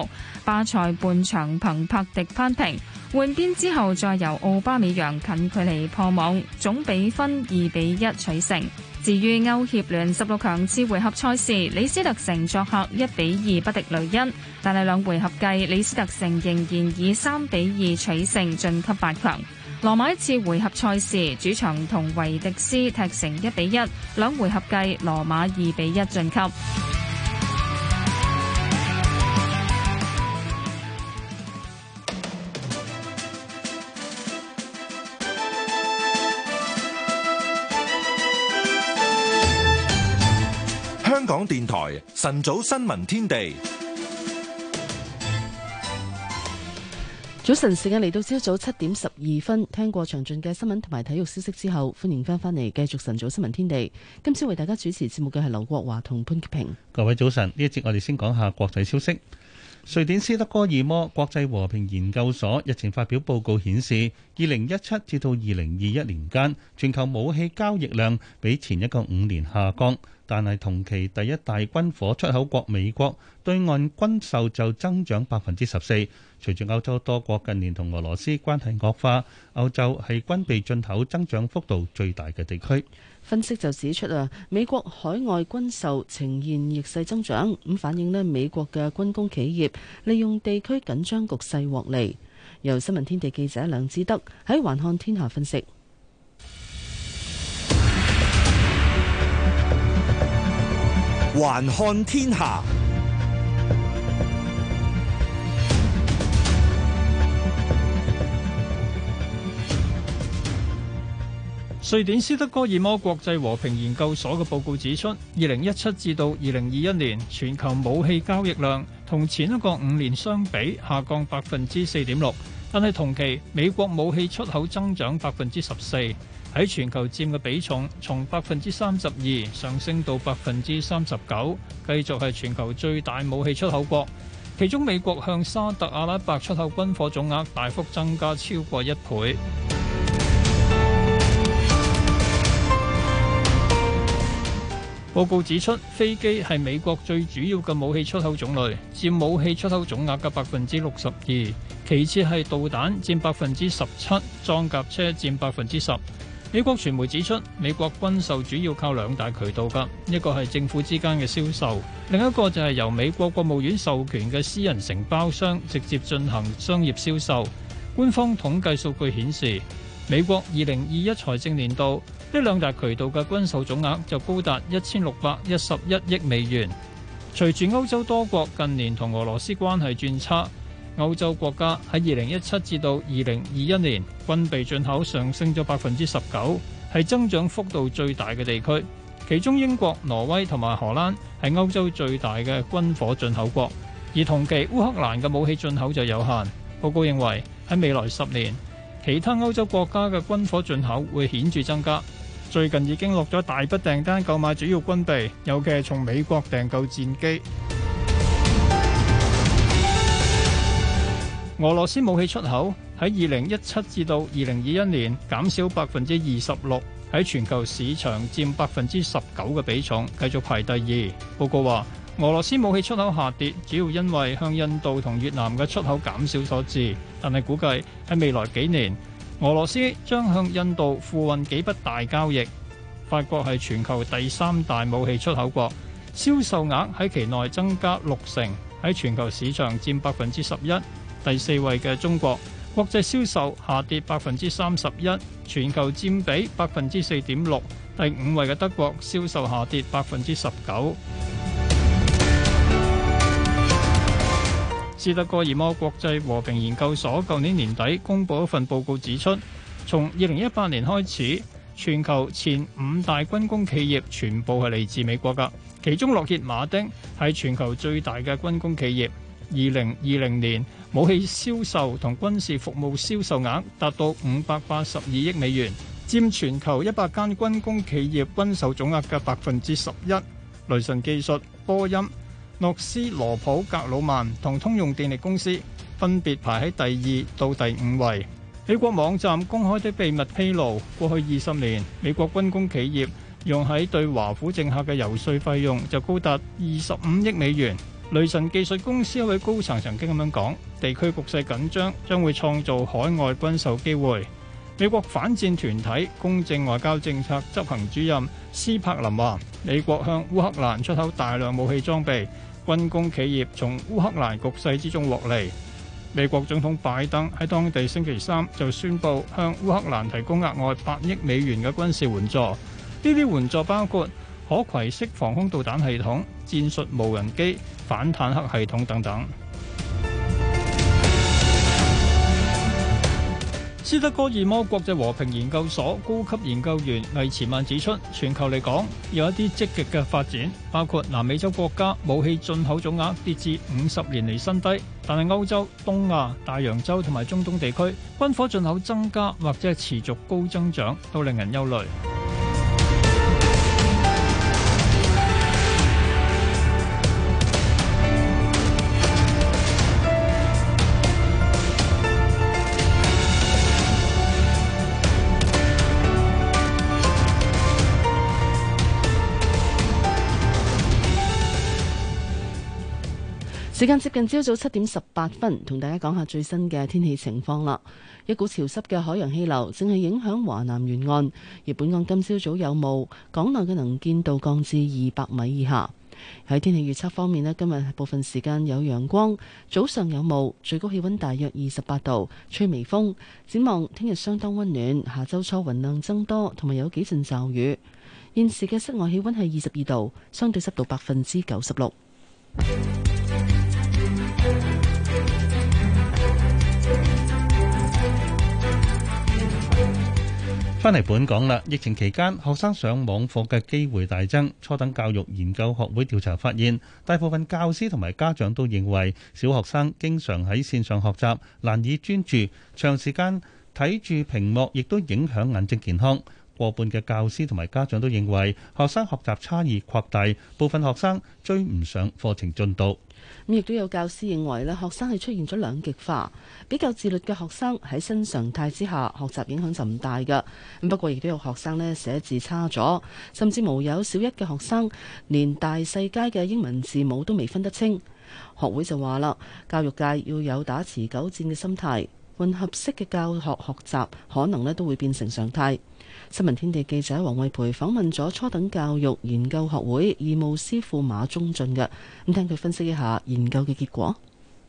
巴塞半場憑柏迪扳平，換邊之後再由奧巴美揚近距離破網，總比分二比一取勝。至於歐協聯十六強次回合賽事，李斯特城作客一比二不敵雷恩，但係兩回合計，李斯特城仍然以三比二取勝晉級八強。羅馬一次回合賽事主場同維迪斯踢成一比一，兩回合計羅馬二比一晉級。香港電台晨早新聞天地。早晨，時間嚟到朝早七點十二分。聽過詳盡嘅新聞同埋體育消息之後，歡迎翻翻嚟繼續晨早新聞天地。今朝為大家主持節目嘅係劉國華同潘潔平。各位早晨，呢一節我哋先講下國際消息。瑞典斯德哥爾摩國際和平研究所日前發表報告顯示，二零一七至到二零二一年間，全球武器交易量比前一個五年下降，但係同期第一大軍火出口國美國對岸軍售就增長百分之十四。隨住歐洲多國近年同俄羅斯關係惡化歐洲係軍備進口增長幅度最大嘅地區。分析就指出啦，美國海外軍售呈現逆勢增長，咁反映咧美國嘅軍工企業利用地區緊張局勢獲利。由新聞天地記者梁志德喺環看天下分析。環看天下。瑞典斯德哥爾摩國際和平研究所嘅報告指出，二零一七至到二零二一年全球武器交易量同前一個五年相比下降百分之四點六，但係同期美國武器出口增長百分之十四，喺全球佔嘅比重從百分之三十二上升到百分之三十九，繼續係全球最大武器出口國。其中美國向沙特阿拉伯出口軍火總額大幅增加超過一倍。報告指出，飛機係美國最主要嘅武器出口種類，佔武器出口總額嘅百分之六十二。其次係導彈，佔百分之十七，裝甲車佔百分之十。美國傳媒指出，美國軍售主要靠兩大渠道㗎，一個係政府之間嘅銷售，另一個就係由美國國務院授權嘅私人承包商直接進行商業銷售。官方統計數據顯示，美國二零二一財政年度。呢兩大渠道嘅軍售總額就高達一千六百一十一億美元。隨住歐洲多國近年同俄羅斯關係轉差，歐洲國家喺二零一七至到二零二一年軍備進口上升咗百分之十九，係增長幅度最大嘅地區。其中英國、挪威同埋荷蘭係歐洲最大嘅軍火進口國。而同期烏克蘭嘅武器進口就有限。報告認為喺未來十年，其他歐洲國家嘅軍火進口會顯著增加。最近已經落咗大筆訂單購買主要軍備，尤其係從美國訂購戰機。 俄羅斯武器出口喺二零一七至到二零二一年減少百分之二十六，喺全球市場佔百分之十九嘅比重，繼續排第二。報告話，俄羅斯武器出口下跌，主要因為向印度同越南嘅出口減少所致，但係估計喺未來幾年。俄羅斯將向印度付運幾筆大交易。法國係全球第三大武器出口國，銷售額喺期內增加六成，喺全球市場佔百分之十一。第四位嘅中國國際銷售下跌百分之三十一，全球佔比百分之四點六。第五位嘅德國銷售下跌百分之十九。斯德哥爾摩國際和平研究所舊年年底公布一份報告，指出，從二零一八年開始，全球前五大軍工企業全部係嚟自美國噶。其中，洛歇馬丁係全球最大嘅軍工企業，二零二零年武器銷售同軍事服務銷售額達到五百八十二億美元，佔全球一百間軍工企業軍售總額嘅百分之十一。雷神技術、波音。諾斯羅普格魯曼同通用電力公司分別排喺第二到第五位。美國網站公開的秘密披露，過去二十年美國軍工企業用喺對華府政客嘅遊說費用就高達二十五億美元。雷神技術公司一位高層曾經咁樣講：「地區局勢緊張將會創造海外軍售機會。」美國反戰團體公正外交政策執行主任斯柏林話，美國向烏克蘭出口大量武器裝備。軍工企業從烏克蘭局勢之中獲利，美國總統拜登喺當地星期三就宣佈向烏克蘭提供額外八億美元嘅軍事援助。呢啲援助包括可攜式防空導彈系統、戰術無人機、反坦克系統等等。斯德哥爾摩國際和平研究所高級研究員魏慈曼指出，全球嚟講有一啲積極嘅發展，包括南美洲國家武器進口總額跌至五十年嚟新低，但係歐洲、東亞、大洋洲同埋中東地區軍火進口增加或者持續高增長，都令人憂慮。時間接近朝早七點十八分，同大家講下最新嘅天氣情況啦。一股潮濕嘅海洋氣流正係影響華南沿岸，而本港今朝早，早有霧，港內嘅能見度降至二百米以下。喺天氣預測方面呢，今日部分時間有陽光，早上有霧，最高氣溫大約二十八度，吹微風。展望聽日相當溫暖，下周初雲量增多，同埋有幾陣驟雨。現時嘅室外氣溫係二十二度，相對濕度百分之九十六。翻嚟本港啦！疫情期間，學生上網課嘅機會大增。初等教育研究學會調查發現，大部分教師同埋家長都認為，小學生經常喺線上學習難以專注，長時間睇住屏幕亦都影響眼睛健康。過半嘅教師同埋家長都認為，學生學習差異擴大，部分學生追唔上課程進度。亦都有教師認為咧，學生係出現咗兩極化，比較自律嘅學生喺新常態之下學習影響就唔大㗎。咁不過亦都有學生咧寫字差咗，甚至無有小一嘅學生連大細楷嘅英文字母都未分得清。學會就話啦，教育界要有打持久戰嘅心態，混合式嘅教學學習可能咧都會變成常態。新聞天地記者黃慧培訪問咗初等教育研究學會義務師傅馬忠進嘅，咁聽佢分析一下研究嘅結果。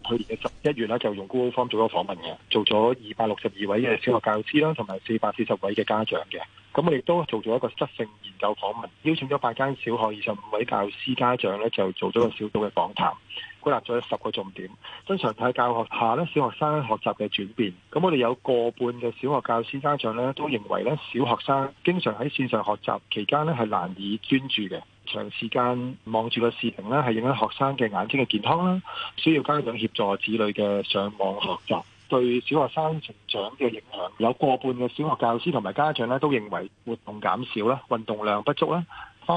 去年嘅十一月呢就用 Google Form 做咗訪問嘅，做咗二百六十二位嘅小學教師啦，同埋四百四十位嘅家長嘅。咁我亦都做咗一個質性研究訪問，邀請咗八間小學二十五位教師家長呢，就做咗個小組嘅訪談。歸納咗十個重點，新常態教學下咧，小學生學習嘅轉變。咁我哋有過半嘅小學教師家長咧，都認為咧，小學生經常喺線上學習期間咧，係難以專注嘅。長時間望住個視頻咧，係影響學生嘅眼睛嘅健康啦。需要家長協助子女嘅上網學習，對小學生成長嘅影響。有過半嘅小學教師同埋家長咧，都認為活動減少啦，運動量不足啦。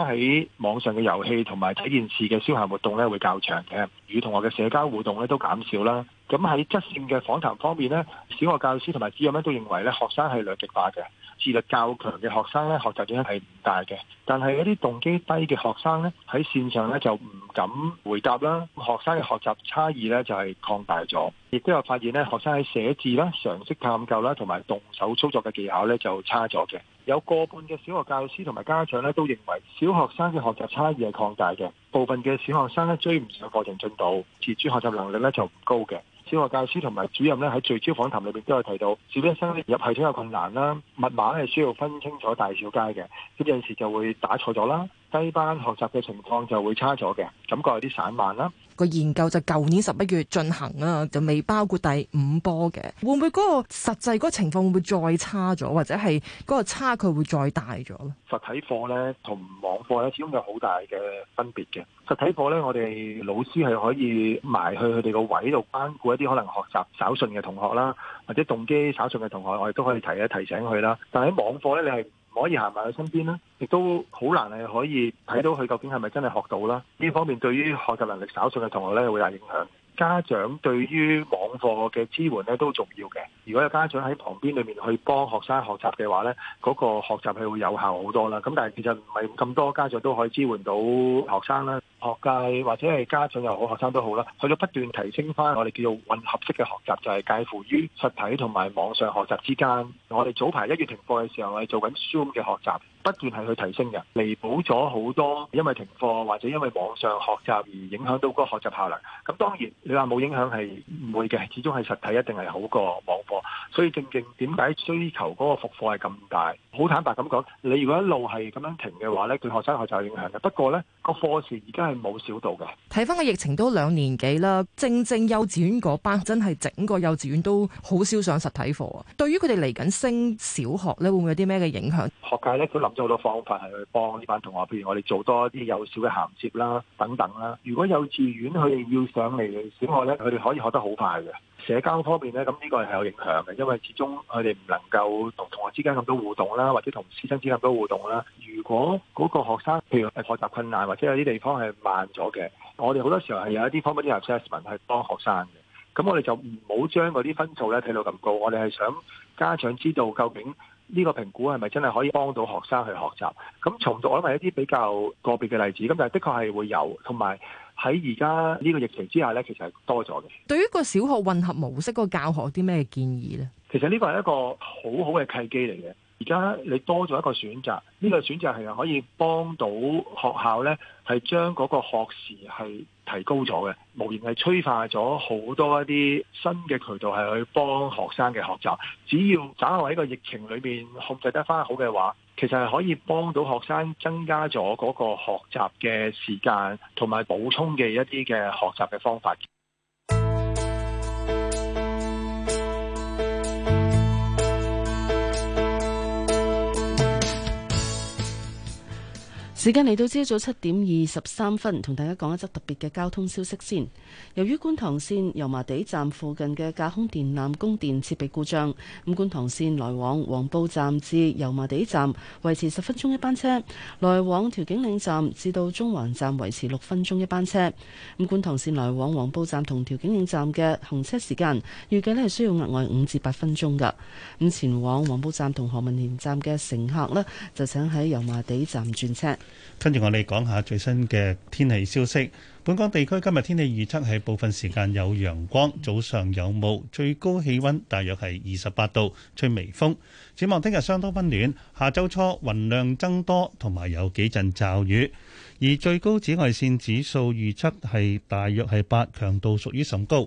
喺網上嘅遊戲同埋睇電視嘅消閒活動咧會較長嘅，與同學嘅社交互動咧都減少啦。咁喺質性嘅訪談方面咧，小學教師同埋主任咧都認為咧，學生係兩極化嘅。智力較強嘅學生咧，學習影響係唔大嘅。但係一啲動機低嘅學生咧，喺線上咧就唔敢回答啦。學生嘅學習差異咧就係擴大咗，亦都有發現咧，學生喺寫字啦、常識探究啦同埋動手操作嘅技巧咧就差咗嘅。有過半嘅小學教師同埋家長咧都認為小學生嘅學習差異係擴大嘅，部分嘅小學生咧追唔上課程進度，自主學習能力咧就唔高嘅。小學教師同埋主任咧喺聚焦訪談裏邊都有提到，小學生入系統有困難啦，密碼係需要分清楚大小街嘅，咁有陣時就會打錯咗啦。低班學習嘅情況就會差咗嘅，感覺有啲散漫啦。個研究就舊年十一月進行啊，就未包括第五波嘅。會唔會嗰個實際嗰個情況會唔會再差咗，或者係嗰個差距會再大咗咧？實體課咧同網課咧，始終有好大嘅分別嘅。實體課咧，我哋老師係可以埋去佢哋個位度關顧一啲可能學習稍信嘅同學啦，或者動機稍信嘅同學，我哋都可以提一提醒佢啦。但係喺網課咧，你係，可以行埋佢身邊啦，亦都好難係可以睇到佢究竟係咪真係學到啦。呢方面對於學習能力稍遜嘅同學咧，會有影響。家長對於網課嘅支援咧都重要嘅。如果有家長喺旁邊裏面去幫學生學習嘅話咧，嗰個學習係會有效好多啦。咁但係其實唔係咁多家長都可以支援到學生啦。學界或者係家長又好，學生都好啦，去咗不斷提升翻我哋叫做混合式嘅學習，就係介乎於實體同埋網上學習之間。我哋早排一月停課嘅時候係做緊 Zoom 嘅學習。不斷係去提升嘅，彌補咗好多因為停課或者因為網上學習而影響到嗰個學習效能。咁當然你話冇影響係唔會嘅，始終係實體一定係好過網課。所以正正點解需求嗰個復課係咁大？好坦白咁講，你如果一路係咁樣停嘅話呢對學生學習有影響嘅。不過呢個課時而家係冇少到嘅。睇翻個疫情都兩年幾啦，正正幼稚園嗰班真係整個幼稚園都好少上實體課啊。對於佢哋嚟緊升小學呢，會唔會有啲咩嘅影響？學界呢，佢諗。好多方法係去幫呢班同學，譬如我哋做多啲幼小嘅銜接啦，等等啦。如果幼稚園佢哋要上嚟小學咧，佢哋可以學得好快嘅。社交方面咧，咁呢個係有影響嘅，因為始終佢哋唔能夠同同學之間咁多互動啦，或者同師生之間咁多互動啦。如果嗰個學生譬如係學習困難，或者有啲地方係慢咗嘅，我哋好多時候係有一啲方法啲 assessment 係幫學生嘅。咁我哋就唔好將嗰啲分數咧睇到咁高，我哋係想家長知道究竟。呢個評估係咪真係可以幫到學生去學習？咁重讀我認為一啲比較個別嘅例子，咁但係的確係會有，同埋喺而家呢個疫情之下呢，其實係多咗嘅。對於個小學混合模式個教學有啲咩建議呢？其實呢個係一個好好嘅契機嚟嘅。而家你多咗一個選擇，呢個選擇係可以幫到學校呢，係將嗰個學時係提高咗嘅，無形係催化咗好多一啲新嘅渠道係去幫學生嘅學習。只要掌握喺個疫情裏面控制得返好嘅話，其實係可以幫到學生增加咗嗰個學習嘅時間，同埋補充嘅一啲嘅學習嘅方法。時間嚟到朝早七點二十三分，同大家講一則特別嘅交通消息先。由於觀塘線油麻地站附近嘅架空電纜供電設備故障，咁觀塘線來往黃埔站至油麻地站維持十分鐘一班車，來往調景嶺站至到中環站維持六分鐘一班車。咁觀塘線來往黃埔站同調景嶺站嘅行車時間預計呢係需要額外五至八分鐘㗎。咁前往黃埔站同何文田站嘅乘客呢，就請喺油麻地站轉車。跟住我哋講下最新嘅天氣消息。本港地區今日天氣預測係部分時間有陽光，早上有霧，最高氣溫大約係二十八度，吹微風。展望聽日相當溫暖，下周初雲量增多，同埋有幾陣驟雨。而最高紫外線指數預測係大約係八，強度屬於甚高。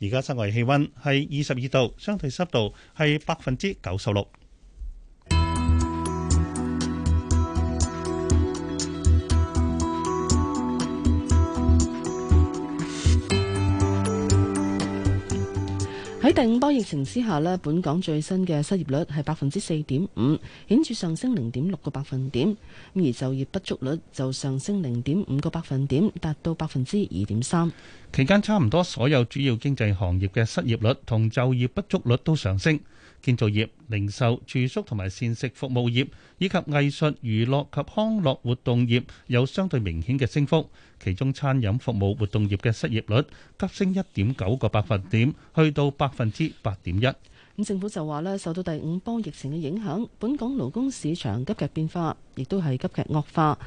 而家室外氣溫係二十二度，相對濕度係百分之九十六。喺第五波疫情之下呢，本港最新嘅失業率係百分之四點五，顯著上升零點六個百分點，而就業不足率就上升零點五個百分點，達到百分之二點三。期間差唔多所有主要經濟行業嘅失業率同就業不足率都上升。建造業、零售、住宿同埋膳食服務業以及藝術、娛樂及康樂活動業有相對明顯嘅升幅，其中餐飲服務活動業嘅失業率急升一點九個百分點，去到百分之八點一。咁政府就話呢，受到第五波疫情嘅影響，本港勞工市場急劇變化，亦都係急劇惡化。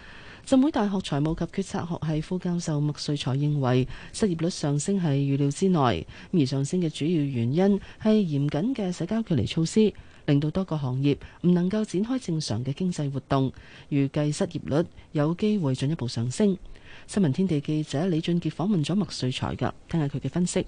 浸會大學財務及決策學系副教授麥瑞才認為，失業率上升係預料之內，而上升嘅主要原因係嚴謹嘅社交距離措施，令到多個行業唔能夠展開正常嘅經濟活動，預計失業率有機會進一步上升。新聞天地記者李俊傑訪問咗麥瑞才噶，聽下佢嘅分析。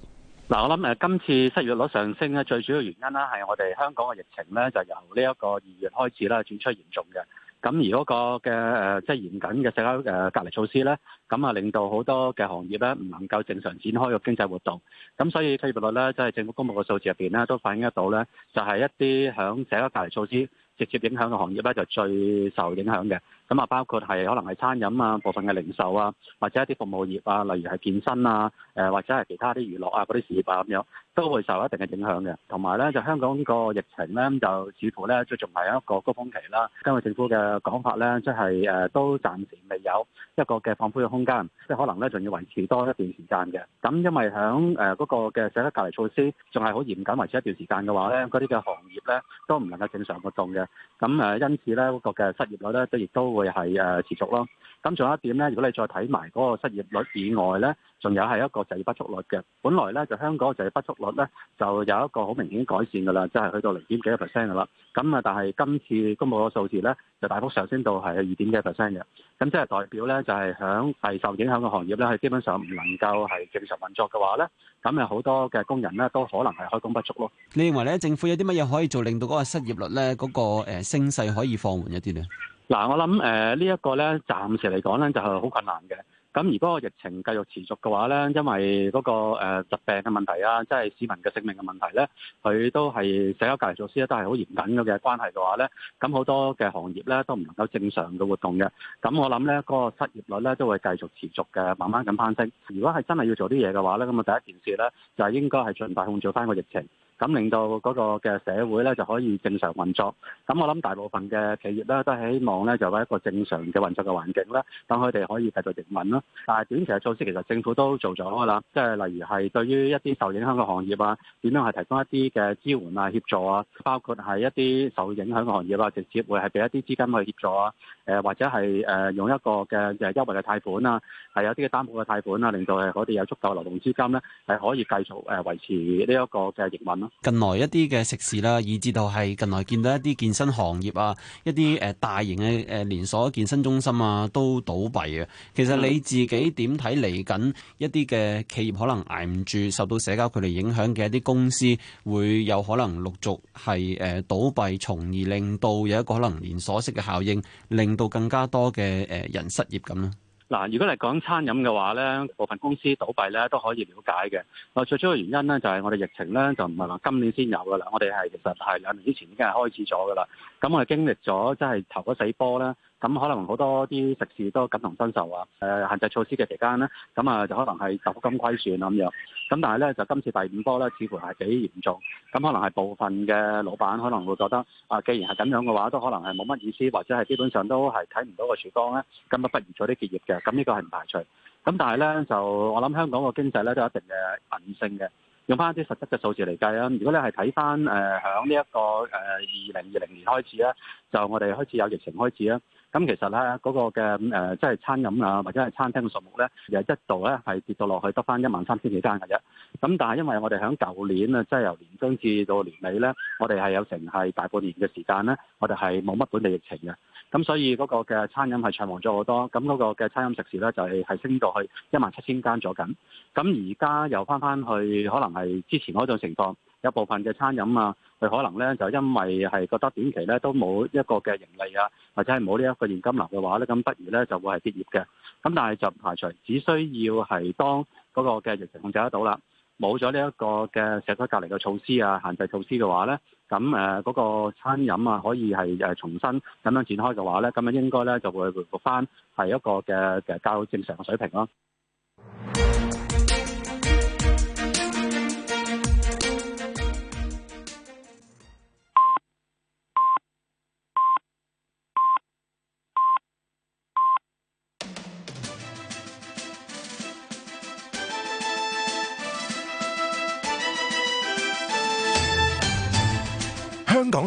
嗱，我諗誒，今次失業率上升呢，最主要原因啦，係我哋香港嘅疫情呢，就由呢一個二月開始啦，轉趨嚴重嘅。咁而嗰個嘅誒，即係嚴謹嘅社交誒隔離措施咧，咁啊令到好多嘅行業咧，唔能夠正常展開個經濟活動。咁所以，失業率咧，即係政府公佈嘅數字入邊咧，都反映得到咧，就係一啲響社交隔離措施直接影響嘅行業咧，就最受影響嘅。咁啊，包括係可能係餐飲啊，部分嘅零售啊，或者一啲服務業啊，例如係健身啊，誒或者係其他啲娛樂啊嗰啲事業啊咁樣，都會受一定嘅影響嘅。同埋咧，就香港呢個疫情咧，就似乎咧，即係仲係一個高峰期啦。根據政府嘅講法咧，即係誒都暫時未有一個嘅放寬嘅空間，即係可能咧仲要維持多一段時間嘅。咁因為響誒嗰個嘅社交隔離措施仲係好嚴謹，維持一段時間嘅話咧，嗰啲嘅行業咧都唔能夠正常活動嘅。咁誒，因此咧嗰個嘅失業率咧都亦都會係誒持續咯。咁仲有一點咧，如果你再睇埋嗰個失業率以外咧，仲有係一個就業不足率嘅。本來咧就香港嘅就業不足率咧就有一個好明顯改善噶啦，即係去到零點幾個 percent 噶啦。咁啊，但係今次公佈個數字咧就大幅上升到係二點幾 percent 嘅。咁即係代表咧就係響係受影響嘅行業咧，係基本上唔能夠係正常運作嘅話咧，咁啊好多嘅工人咧都可能係開工不足咯。你認為咧政府有啲乜嘢可以做，令到嗰個失業率咧嗰個誒升勢可以放緩一啲咧？嗱、啊，我諗誒、呃這個、呢一個咧，暫時嚟講咧就係、是、好困難嘅。咁如果個疫情繼續持續嘅話咧，因為嗰、那個誒疾、呃、病嘅問題啊，即係市民嘅性命嘅問題咧，佢都係社交隔離措施咧都係好嚴謹嘅關係嘅話咧，咁好多嘅行業咧都唔能夠正常嘅活動嘅。咁我諗咧，嗰、那個失業率咧都會繼續持續嘅，慢慢咁攀升。如果係真係要做啲嘢嘅話咧，咁啊第一件事咧就係應該係盡快控制翻個疫情。咁令到嗰個嘅社會咧就可以正常運作。咁我諗大部分嘅企業咧都係希望咧就喺一個正常嘅運作嘅環境咧，等佢哋可以繼續營運啦。但係短期嘅措施其實政府都做咗噶啦，即係例如係對於一啲受影響嘅行業啊，點樣係提供一啲嘅支援啊、協助啊，包括係一啲受影響嘅行業啊，直接會係俾一啲資金去協助啊。誒或者係誒用一個嘅誒優惠嘅貸款啊，係有啲嘅擔保嘅貸款啊，令到誒我哋有足夠嘅流動資金咧係可以繼續誒維持呢一個嘅營運咯。近來一啲嘅食肆啦，以至到係近來見到一啲健身行業啊，一啲誒大型嘅誒連鎖健身中心啊都倒閉啊。其實你自己點睇嚟緊一啲嘅企業可能挨唔住，受到社交距離影響嘅一啲公司會有可能陸續係誒倒閉，從而令到有一個可能連鎖式嘅效應，令到更加多嘅誒人失業咁咯。嗱，如果嚟講餐飲嘅話呢，部分公司倒閉呢都可以了解嘅。我最主要嘅原因呢，就係我哋疫情呢，就唔係話今年先有噶啦，我哋係其實係兩年之前已經係開始咗噶啦。咁我哋經歷咗即係頭嗰四波呢。咁可能好多啲食肆都感同身受啊！誒，限制措施嘅期間呢，咁啊，就可能係就金虧損咁樣。咁但係呢，就今次第五波呢，似乎係幾嚴重。咁可能係部分嘅老闆可能會覺得啊，既然係咁樣嘅話，都可能係冇乜意思，或者係基本上都係睇唔到個曙光呢，咁啊不如早啲結業嘅。咁呢個係唔排除。咁但係呢，就我諗香港個經濟呢，都有一定嘅韌性嘅。用翻一啲實質嘅數字嚟計啊，如果你係睇翻誒響呢一個誒二零二零年開始咧、啊，就我哋開始有疫情開始咧、啊。咁其實咧，嗰個嘅誒，即係餐飲啊，或者係餐廳嘅數目咧，又一度咧係跌到落去3，得翻一萬三千幾間嘅啫。咁但係因為我哋響舊年啊，即係由年中至到年尾咧，我哋係有成係大半年嘅時間咧，我哋係冇乜本地疫情嘅。咁所以嗰個嘅餐飲係暢旺咗好多。咁嗰個嘅餐飲食肆咧就係係升到去一萬七千間左近。咁而家又翻翻去，可能係之前嗰種情況。一部分嘅餐飲啊，佢可能咧就因為係覺得短期咧都冇一個嘅盈利啊，或者係冇呢一個現金流嘅話咧，咁不如咧就會係結業嘅。咁但係就排除，只需要係當嗰個嘅疫情控制得到啦，冇咗呢一個嘅社區隔離嘅措施啊、限制措施嘅話咧，咁誒嗰個餐飲啊可以係誒重新咁樣展開嘅話咧，咁啊應該咧就會回復翻係一個嘅嘅較正常嘅水平咯，啊。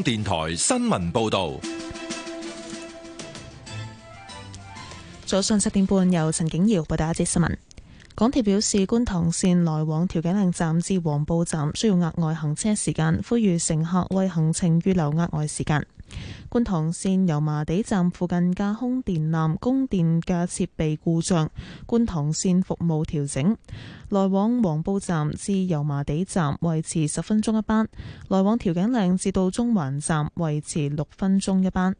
電台新聞報道。早上七點半，由陳景瑤報道一節新聞。港鐵表示，觀塘線來往調景嶺站至黃埔站需要額外行車時間，呼籲乘客為行程預留額外時間。觀塘綫油麻地站附近架空電纜供電嘅設備故障，觀塘綫服務調整，來往黃埔站至油麻地站維持十分鐘一班，來往調景嶺至到中環站維持六分鐘一班。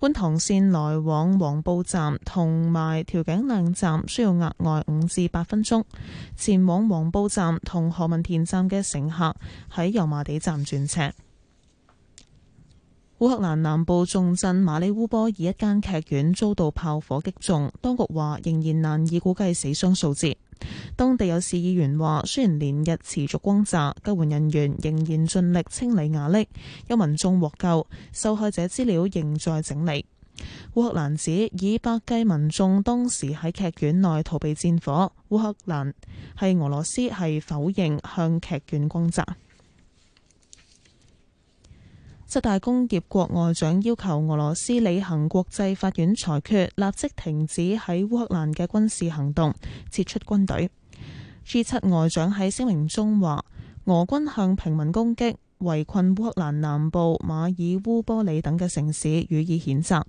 觀塘綫來往黃埔站同埋調景嶺站需要額外五至八分鐘，前往黃埔站同何文田站嘅乘客喺油麻地站轉車。烏克蘭南部重鎮馬里烏波爾一間劇院遭到炮火擊中，當局話仍然難以估計死傷數字。當地有市議員話，雖然連日持續轟炸，救援人員仍然盡力清理瓦礫，有民眾獲救，受害者資料仍在整理。烏克蘭指以百計民眾當時喺劇院內逃避戰火，烏克蘭係俄羅斯係否認向劇院轟炸。七大工業國外長要求俄羅斯履行國際法院裁決，立即停止喺烏克蘭嘅軍事行動，撤出軍隊。G7 外長喺聲明中話，俄軍向平民攻擊。圍困烏克蘭南部馬爾烏波里等嘅城市，予以譴責。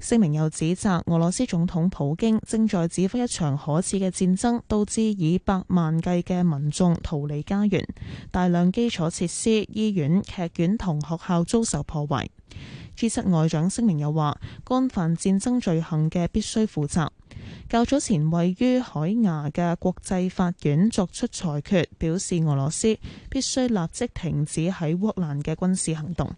聲明又指責俄羅斯總統普京正在指揮一場可恥嘅戰爭，導致以百萬計嘅民眾逃離家園，大量基礎設施、醫院、劇院同學校遭受破壞。捷克外長聲明又話：干犯戰爭罪行嘅必須負責。較早前位於海牙嘅國際法院作出裁決，表示俄羅斯必須立即停止喺沃蘭嘅軍事行動。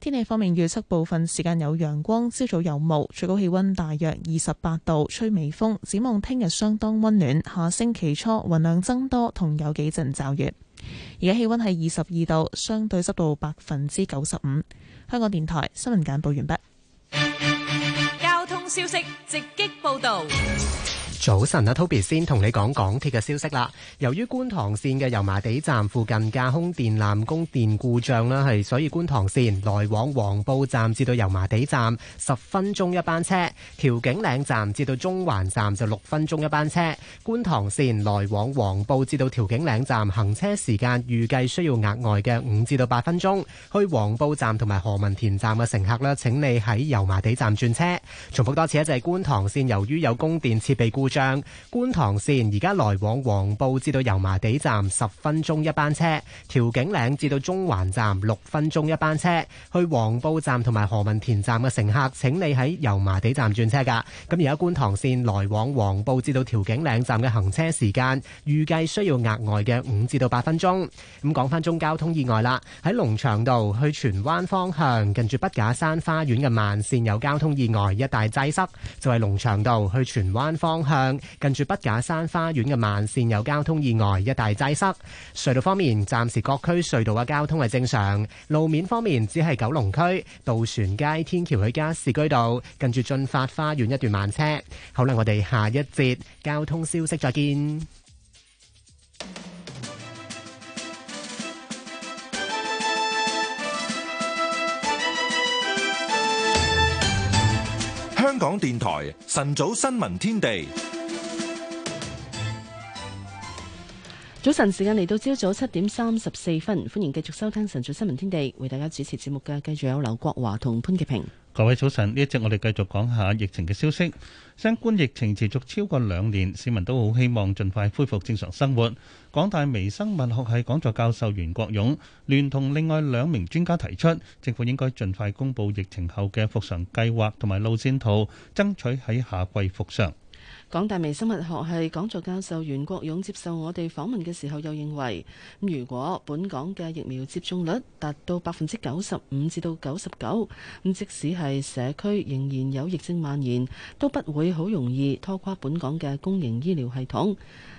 天氣方面預測部分時間有陽光，朝早有霧，最高氣溫大約二十八度，吹微風。展望聽日相當溫暖，下星期初雲量增多同有幾陣驟雨。而家氣溫係二十二度，相對濕度百分之九十五。香港電台新聞簡報完畢。交通消息直擊報道。早晨啊，Toby 先同你講港鐵嘅消息啦。由於觀塘綫嘅油麻地站附近架空電纜供電故障啦，係所以觀塘綫來往黃埔站至到油麻地站十分鐘一班車，調景嶺站至到中環站就六分鐘一班車。觀塘綫來往黃埔至到調景嶺站行車時間預計需要額外嘅五至到八分鐘。去黃埔站同埋何文田站嘅乘客咧，請你喺油麻地站轉車。重複多次，一就係觀塘綫由於有供電設備故障。將觀塘線而家來往黃埔至到油麻地站十分鐘一班車，調景嶺至到中環站六分鐘一班車。去黃埔站同埋何文田站嘅乘客，請你喺油麻地站轉車噶。咁而家觀塘線來往黃埔至到調景嶺站嘅行車時間，預計需要額外嘅五至到八分鐘。咁、嗯、講翻中交通意外啦，喺龍翔道去荃灣方向，近住畢架山花園嘅慢線有交通意外，一帶擠塞，就係龍翔道去荃灣方向。近住畢架山花園嘅慢線有交通意外，一大擠塞。隧道方面，暫時各區隧道嘅交通係正常。路面方面，只係九龍區渡船街天橋去加士居道近住駿發花園一段慢車。好啦，我哋下一節交通消息再見。香港電台晨早新聞天地。早晨時間嚟到，朝早七點三十四分，歡迎繼續收聽晨早新聞天地，為大家主持節目嘅繼續有劉國華同潘潔平。各位早晨，呢一節我哋繼續講下疫情嘅消息。相關疫情持續超過兩年，市民都好希望盡快恢復正常生活。港大微生物學系講座教授袁國勇，聯同另外兩名專家提出，政府應該盡快公布疫情後嘅復常計劃同埋路線圖，爭取喺夏季復常。港大微生物學系講座教授袁國勇接受我哋訪問嘅時候，又認為如果本港嘅疫苗接種率達到百分之九十五至到九十九，咁即使係社區仍然有疫症蔓延，都不會好容易拖垮本港嘅公營醫療系統。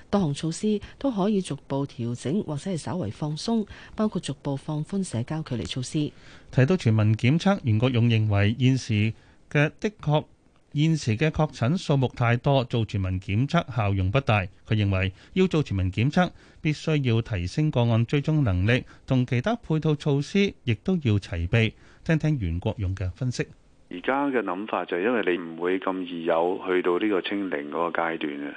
多項措施都可以逐步調整，或者係稍微放鬆，包括逐步放寬社交距離措施。提到全民檢測，袁國勇認為現時嘅的確。現時嘅確診數目太多，做全民檢測效用不大。佢認為要做全民檢測，必須要提升個案追蹤能力，同其他配套措施亦都要齊備。聽聽袁國勇嘅分析。而家嘅諗法就係，因為你唔會咁易有去到呢個清零嗰個階段嘅，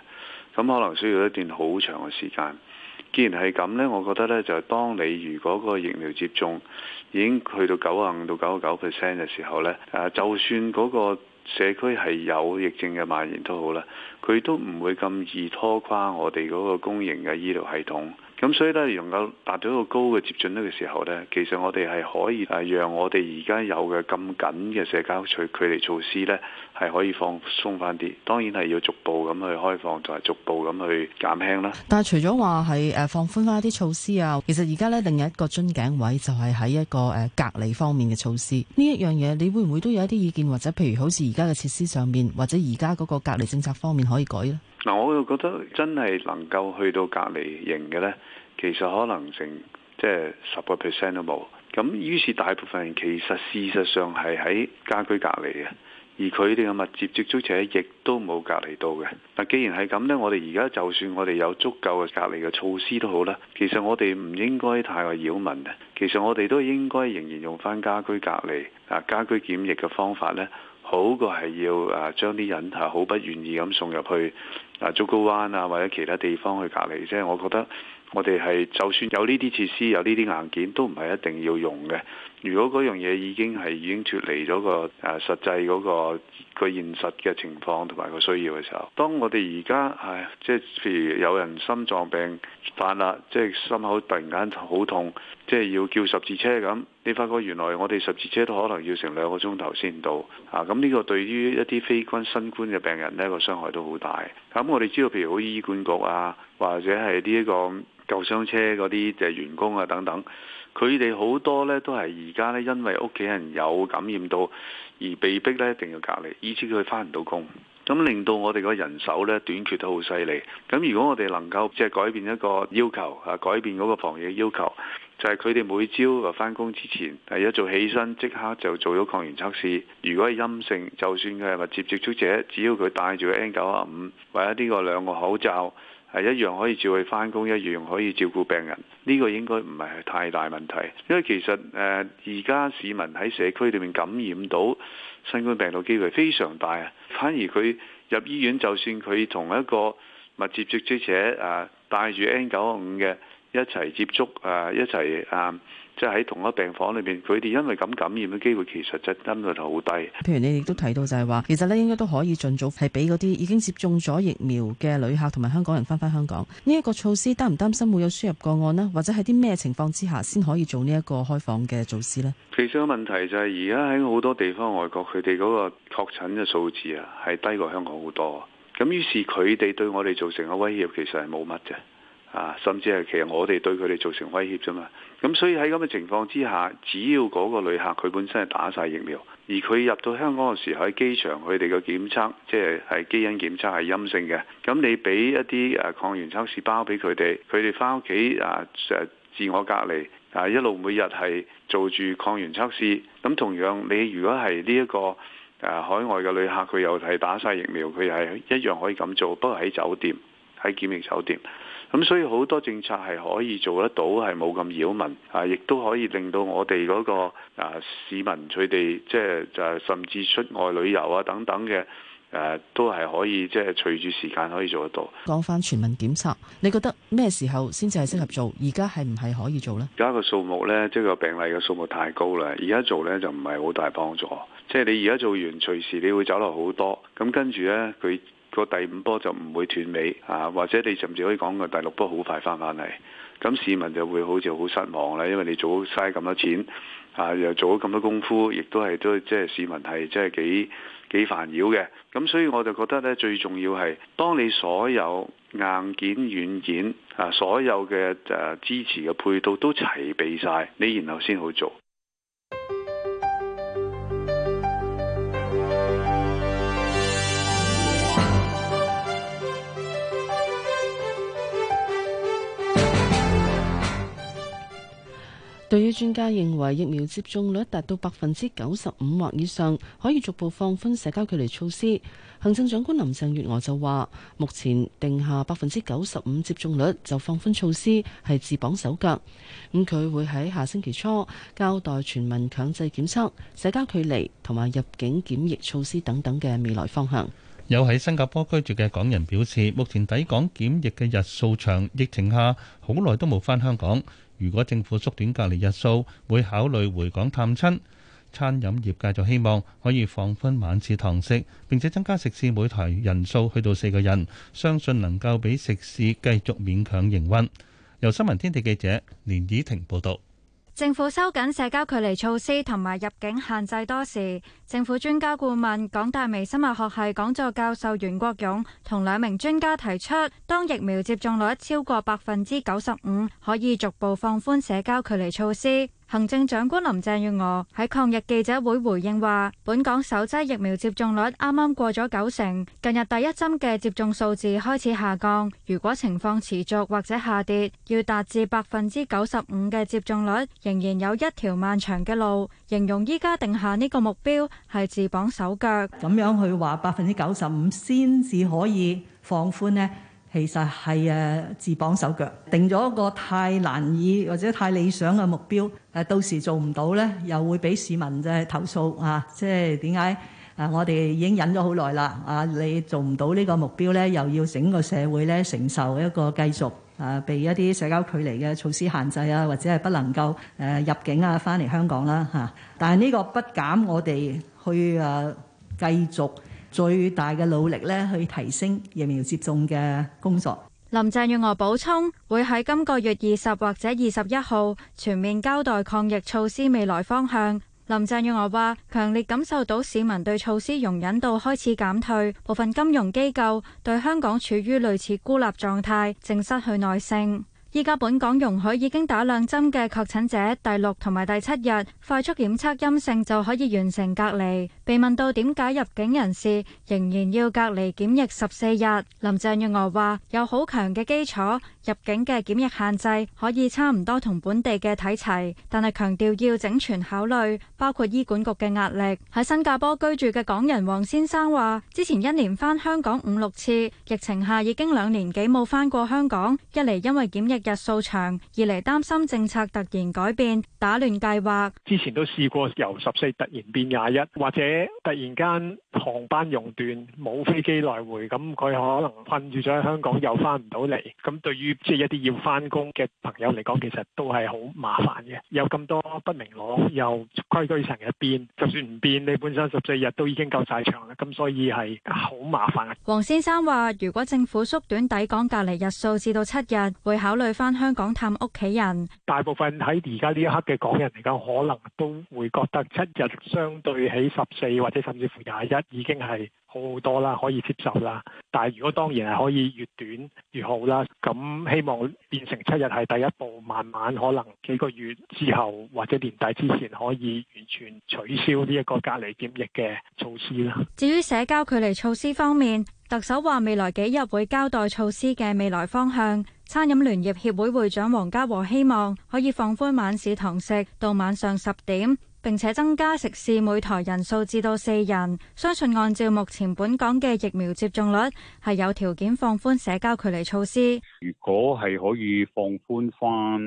咁可能需要一段好長嘅時間。既然係咁呢，我覺得呢，就係當你如果個疫苗接種已經去到九十五到九十九 percent 嘅時候呢，誒就算嗰個。社區係有疫症嘅蔓延都好啦。佢都唔會咁易拖垮我哋嗰個公營嘅醫療系統，咁所以咧，能夠達到一個高嘅接觸率嘅時候咧，其實我哋係可以誒，讓我哋而家有嘅咁緊嘅社交距距離措施咧，係可以放鬆翻啲，當然係要逐步咁去開放，同埋逐步咁去減輕啦。但係除咗話，係誒放寬翻一啲措施啊，其實而家咧另一個樽頸位就係喺一個誒隔離方面嘅措施。呢一樣嘢你會唔會都有一啲意見，或者譬如好似而家嘅設施上面，或者而家嗰個隔離政策方面？可以改咧。嗱，我又覺得真係能夠去到隔離營嘅呢，其實可能成即係十個 percent 都冇。咁於是大部分人其實事實上係喺家居隔離嘅，而佢哋嘅密接接觸者亦都冇隔離到嘅。嗱，既然係咁呢，我哋而家就算我哋有足夠嘅隔離嘅措施都好啦，其實我哋唔應該太過擾民嘅。其實我哋都應該仍然用返家居隔離啊、家居檢疫嘅方法呢。好過係要誒，將啲人係好不願意咁送入去啊，竹篙灣，啊或者其他地方去隔離，即係我覺得我哋係就算有呢啲設施有呢啲硬件都唔係一定要用嘅。如果嗰樣嘢已經係已經脱離咗個誒、啊、實際嗰、嗰個個現實嘅情況同埋個需要嘅時候，當我哋而家誒，即係譬如有人心臟病發啦，即係心口突然間好痛，即係要叫十字車咁，你發覺原來我哋十字車都可能要成兩個鐘頭先到啊！咁呢個對於一啲非關新冠嘅病人呢、個傷害都好大。咁我哋知道，譬如好醫管局啊，或者係呢一個救傷車嗰啲嘅員工啊等等。佢哋好多呢都係而家呢，因為屋企人有感染到，而被逼呢一定要隔離，以至佢返唔到工，咁、嗯、令到我哋嘅人手呢短缺得好犀利。咁、嗯、如果我哋能夠即係改變一個要求，啊改變嗰個防疫要求，就係佢哋每朝啊返工之前，第一早起身即刻就做咗抗原測試。如果係陰性，就算佢係密接接觸者，只要佢戴住 N 九啊五，或者呢個兩個口罩，係一樣可以照去返工，一樣可以照顧病人。呢個應該唔係太大問題，因為其實誒而家市民喺社區裏面感染到新冠病毒嘅機會非常大啊！反而佢入醫院，就算佢同一個密切接觸者誒帶住 N 九五嘅一齊接觸啊，一齊啊。呃即係喺同一病房裏邊，佢哋因為咁感染嘅機會，其實就根率好低。譬如你亦都提到就，就係話其實呢應該都可以盡早係俾嗰啲已經接種咗疫苗嘅旅客同埋香港人翻返香港呢一個措施，擔唔擔心會有輸入個案呢？或者係啲咩情況之下先可以做呢一個開放嘅措施呢？其實個問題就係而家喺好多地方外國，佢哋嗰個確診嘅數字啊係低過香港好多，咁於是佢哋對我哋造成嘅威脅其實係冇乜嘅啊，甚至係其實我哋對佢哋造成威脅啫嘛。咁所以喺咁嘅情況之下，只要嗰個旅客佢本身係打晒疫苗，而佢入到香港嘅時候喺機場佢哋嘅檢測，即係係基因檢測係陰性嘅，咁你俾一啲誒抗原測試包俾佢哋，佢哋翻屋企誒誒自我隔離，啊一路每日係做住抗原測試。咁同樣你如果係呢一個誒海外嘅旅客，佢又係打晒疫苗，佢係一樣可以咁做，不過喺酒店喺檢疫酒店。咁、嗯、所以好多政策係可以做得到，係冇咁擾民，啊，亦都可以令到我哋嗰、那個啊市民佢哋即係就甚至出外旅遊啊等等嘅，誒、啊、都係可以即係隨住時間可以做得到。講翻全民檢測，你覺得咩時候先至係適合做？而家係唔係可以做咧？而家個數目咧，即係個病例嘅數目太高啦。而家做咧就唔係好大幫助，即係你而家做完，隨時你會走落好多。咁跟住咧佢。個第五波就唔會斷尾啊，或者你甚至可以講個第六波好快翻返嚟，咁市民就會好似好失望啦，因為你做嘥咁多錢啊，又做咗咁多功夫，亦都係都即係市民係即係幾幾煩擾嘅。咁所以我就覺得呢，最重要係當你所有硬件、軟件啊，所有嘅誒、啊、支持嘅配套都齊備晒，你然後先好做。對於專家認為疫苗接種率達到百分之九十五或以上，可以逐步放寬社交距離措施，行政長官林鄭月娥就話：目前定下百分之九十五接種率就放寬措施係自綁手腳。咁佢會喺下星期初交代全民強制檢測、社交距離同埋入境檢疫措施等等嘅未來方向。有喺新加坡居住嘅港人表示，目前抵港檢疫嘅日數長，疫情下好耐都冇翻香港。如果政府縮短隔離日數，會考慮回港探親。餐飲業界就希望可以放寬晚市堂食，並且增加食肆每台人數去到四個人，相信能夠俾食肆繼續勉強營運，由新聞天地記者連倚婷報道。政府收緊社交距離措施同埋入境限制多時，政府專家顧問港大微生物學系講座教授袁國勇同兩名專家提出，當疫苗接種率超過百分之九十五，可以逐步放寬社交距離措施。行政長官林鄭月娥喺抗疫記者會回應話，本港首劑疫苗接種率啱啱過咗九成，近日第一針嘅接種數字開始下降。如果情況持續或者下跌，要達至百分之九十五嘅接種率，仍然有一條漫長嘅路。形容依家定下呢個目標係自綁手腳，咁樣去話百分之九十五先至可以放寬呢？其實係誒自綁手腳，定咗一個太難以或者太理想嘅目標，誒到時做唔到呢，又會俾市民啫投訴啊！即係點解誒我哋已經忍咗好耐啦？啊，你做唔到呢個目標呢，又要整個社會呢承受一個繼續啊，被一啲社交距離嘅措施限制啊，或者係不能夠誒、啊、入境啊，翻嚟香港啦嚇、啊。但係呢個不減我哋去誒、啊、繼續。最大嘅努力咧，去提升疫苗接種嘅工作。林鄭月娥補充，會喺今個月二十或者二十一號全面交代抗疫措施未來方向。林鄭月娥話，強烈感受到市民對措施容忍度開始減退，部分金融機構對香港處於類似孤立狀態，正失去耐性。依家本港容許已經打兩針嘅確診者第六同埋第七日快速檢測陰性就可以完成隔離。被問到點解入境人士仍然要隔離檢疫十四日，林鄭月娥話有好強嘅基礎，入境嘅檢疫限制可以差唔多同本地嘅睇齊，但係強調要整全考慮，包括醫管局嘅壓力。喺新加坡居住嘅港人黃先生話，之前一年返香港五六次，疫情下已經兩年幾冇返過香港，一嚟因為檢疫。日數長，二嚟擔心政策突然改變，打亂計劃。之前都試過由十四突然變廿一，或者突然間，航班熔斷，冇飛機來回，咁佢可能困住咗喺香港又，又翻唔到嚟。咁對於即係一啲要翻工嘅朋友嚟講，其實都係好麻煩嘅。有咁多不明朗，又規矩成日變，就算唔變，你本身十四日都已經夠晒長啦。咁所以係好麻煩嘅。王先生話，如果政府縮短抵港隔離日數至到七日，會考慮翻香港探屋企人。大部分喺而家呢一刻嘅港人嚟講，可能都會覺得七日相對起十四或者甚至乎廿一，已經係好好多啦，可以接受啦。但係如果當然係可以越短越好啦。咁希望變成七日係第一步，慢慢可能幾個月之後或者年底之前可以完全取消呢一個隔離檢疫嘅措施啦。至於社交距離措施方面，特首話未來幾日會交代措施嘅未來方向。餐飲聯業協會會會長黃家和希望可以放寬晚市堂食到晚上十點。並且增加食肆每台人數至到四人，相信按照目前本港嘅疫苗接種率，係有條件放寬社交距離措施。如果係可以放寬翻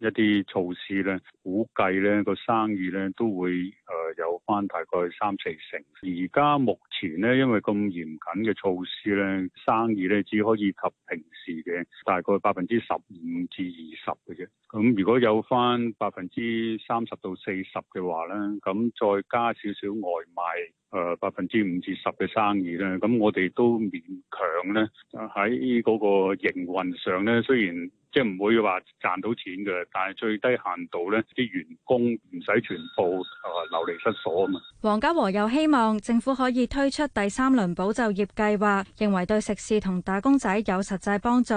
一啲措施咧，估計咧、個生意咧都會誒、呃、有翻大概三四成。而家目前咧，因為咁嚴謹嘅措施咧，生意咧只可以及平時嘅大概百分之十五至二十嘅啫。咁如果有翻百分之三十到四十嘅話咧，咁再加少少外賣誒百分之五至十嘅生意咧，咁我哋都勉強咧喺嗰個營運上咧，雖然即係唔會話賺到錢嘅，但係最低限度咧。啲員工唔使全部流離失所啊嘛！黃家和又希望政府可以推出第三輪保就業計劃，認為對食肆同打工仔有實際幫助。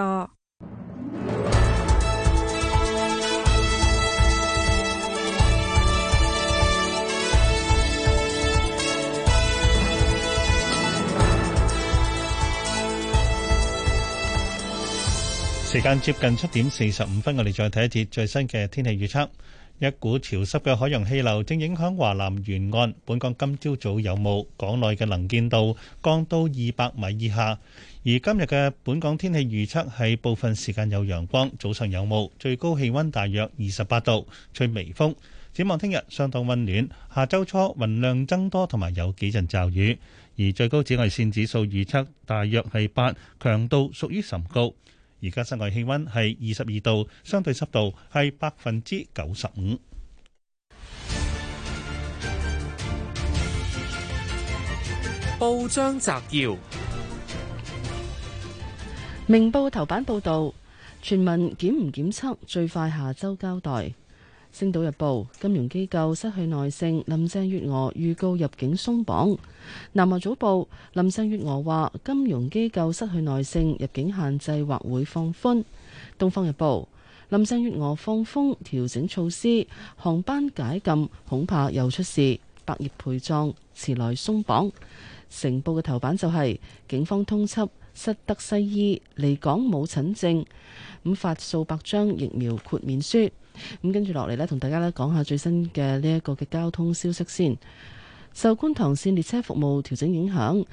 時間接近七點四十五分，我哋再睇一節最新嘅天氣預測。一股潮濕嘅海洋氣流正影響華南沿岸，本港今朝早早有霧，港內嘅能見度降到二百米以下。而今日嘅本港天氣預測係部分時間有陽光，早上有霧，最高氣温大約二十八度，吹微風。展望聽日，相當温暖，下周初雲量增多同埋有幾陣驟雨，而最高紫外線指數預測大約係八，強度屬於甚高。而家室外氣溫係二十二度，相對濕度係百分之九十五。報章摘要：明報頭版報導，全民檢唔檢測最快下周交代。《星島日報》金融機構失去耐性，林鄭月娥預告入境鬆綁，《南華早報》林鄭月娥話：金融機構失去耐性，入境限制或會放寬，《東方日報》林鄭月娥放風調整措施，航班解禁恐怕又出事，《百業陪葬》遲來鬆綁，《成報》嘅頭版就係、是、警方通緝失德西醫離港冇診症，咁發數百張疫苗豁免書。咁跟住落嚟呢，同大家呢講下最新嘅呢一個嘅交通消息先。受觀塘線列車服務調整影響，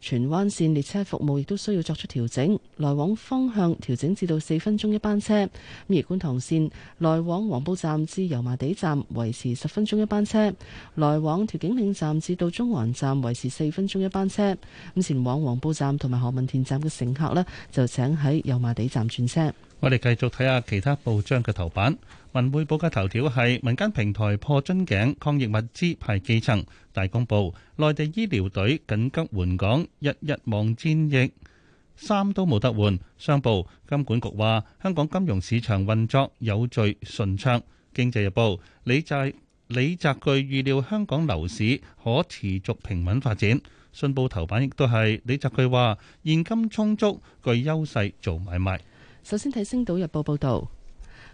荃灣線列車服務亦都需要作出調整，來往方向調整至到四分鐘一班車。咁而觀塘線來往黃埔站至油麻地站維持十分鐘一班車，來往調景嶺站至到中環站維持四分鐘一班車。咁前往黃埔站同埋何文田站嘅乘客呢就請喺油麻地站轉車。我哋繼續睇下其他報章嘅頭版。文匯報嘅頭條係民間平台破樽頸，抗疫物資派基層。大公報，內地醫療隊緊急援港，日日望戰疫，衫都冇得換。商報，金管局話香港金融市場運作有序順暢。經濟日報，李澤李澤鉅預料香港樓市可持續平穩發展。信報頭版亦都係李澤鉅話現金充足，具優勢做買賣。首先睇《星島日報》報道，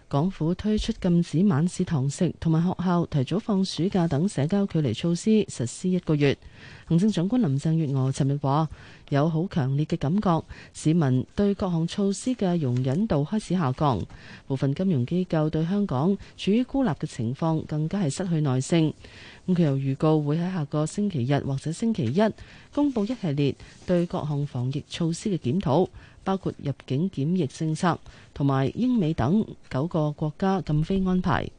港府推出禁止晚市堂食同埋學校提早放暑假等社交距離措施，實施一個月。行政長官林鄭月娥尋日話：有好強烈嘅感覺，市民對各項措施嘅容忍度開始下降。部分金融機構對香港處於孤立嘅情況，更加係失去耐性。咁佢又預告會喺下個星期日或者星期一公布一系列對各項防疫措施嘅檢討。包括入境檢疫政策同埋英美等九個國家禁飛安排。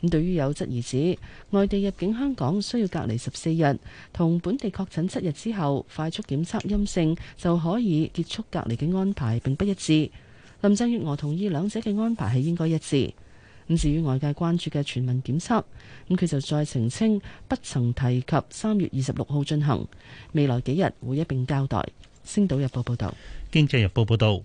咁對於有質疑指外地入境香港需要隔離十四日，同本地確診七日之後快速檢測陰性就可以結束隔離嘅安排並不一致，林鄭月娥同意兩者嘅安排係應該一致。咁至於外界關注嘅全民檢測，咁佢就再澄清不曾提及三月二十六號進行，未來幾日會一併交代。《星島日報》報道，《經濟日報》報道，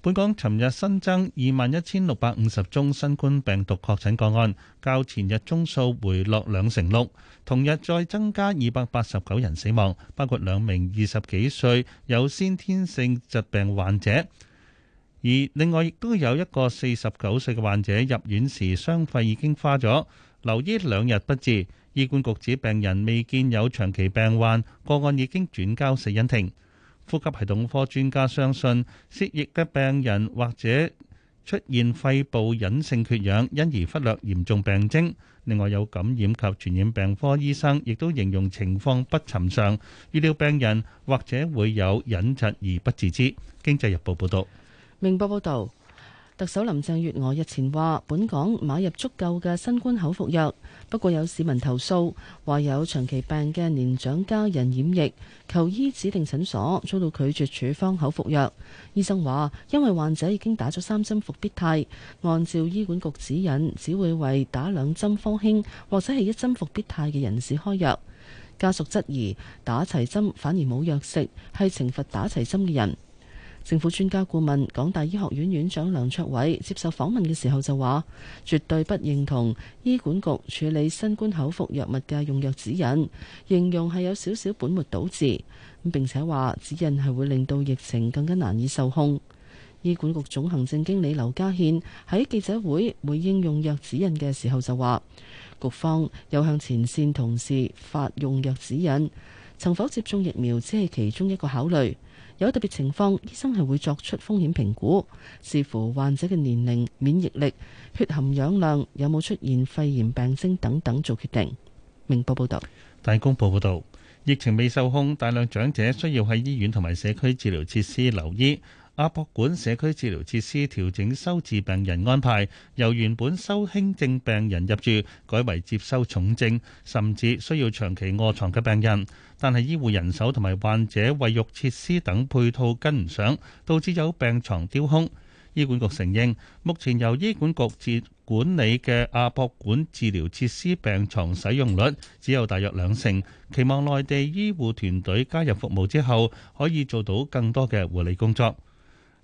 本港尋日新增二萬一千六百五十宗新冠病毒確診個案，較前日宗數回落兩成六。同日再增加二百八十九人死亡，包括兩名二十幾歲有先天性疾病患者，而另外亦都有一個四十九歲嘅患者入院時雙肺已經花咗，留醫兩日不治。醫管局指病人未見有長期病患，個案已經轉交死因庭。呼吸系統科專家相信，涉疫嘅病人或者出現肺部隱性缺氧，因而忽略嚴重病徵。另外，有感染及傳染病科醫生亦都形容情況不尋常，預料病人或者會有隱疾而不自知。經濟日報報道。明報報導。特首林鄭月娥日前話，本港買入足夠嘅新冠口服藥，不過有市民投訴，話有長期病嘅年長家人染疫，求醫指定診所遭到拒絕處方口服藥。醫生話，因為患者已經打咗三針復必泰，按照醫管局指引，只會為打兩針科興或者係一針復必泰嘅人士開藥。家屬質疑，打齊針反而冇藥食，係懲罰打齊針嘅人。政府專家顧問、港大醫學院院長梁卓偉接受訪問嘅時候就話：絕對不認同醫管局處理新冠口服藥物嘅用藥指引，形容係有少少本末倒置。咁並且話指引係會令到疫情更加難以受控。醫管局總行政經理劉家憲喺記者會回應用藥指引嘅時候就話：局方有向前線同事發用藥指引，曾否接種疫苗只係其中一個考慮。有特別情況，醫生係會作出風險評估，視乎患者嘅年齡、免疫力、血含氧量有冇出現肺炎病徵等等做決定。明報報道，大公報報道，疫情未受控，大量長者需要喺醫院同埋社區治療設施留醫。亞博館社區治療設施調整收治病人安排，由原本收輕症病人入住，改為接收重症，甚至需要長期臥床嘅病人。但係醫護人手同埋患者衛浴設施等配套跟唔上，導致有病床丟空。醫管局承認，目前由醫管局接管理嘅亞博館治療設施病床使用率只有大約兩成，期望內地醫護團隊加入服務之後，可以做到更多嘅護理工作。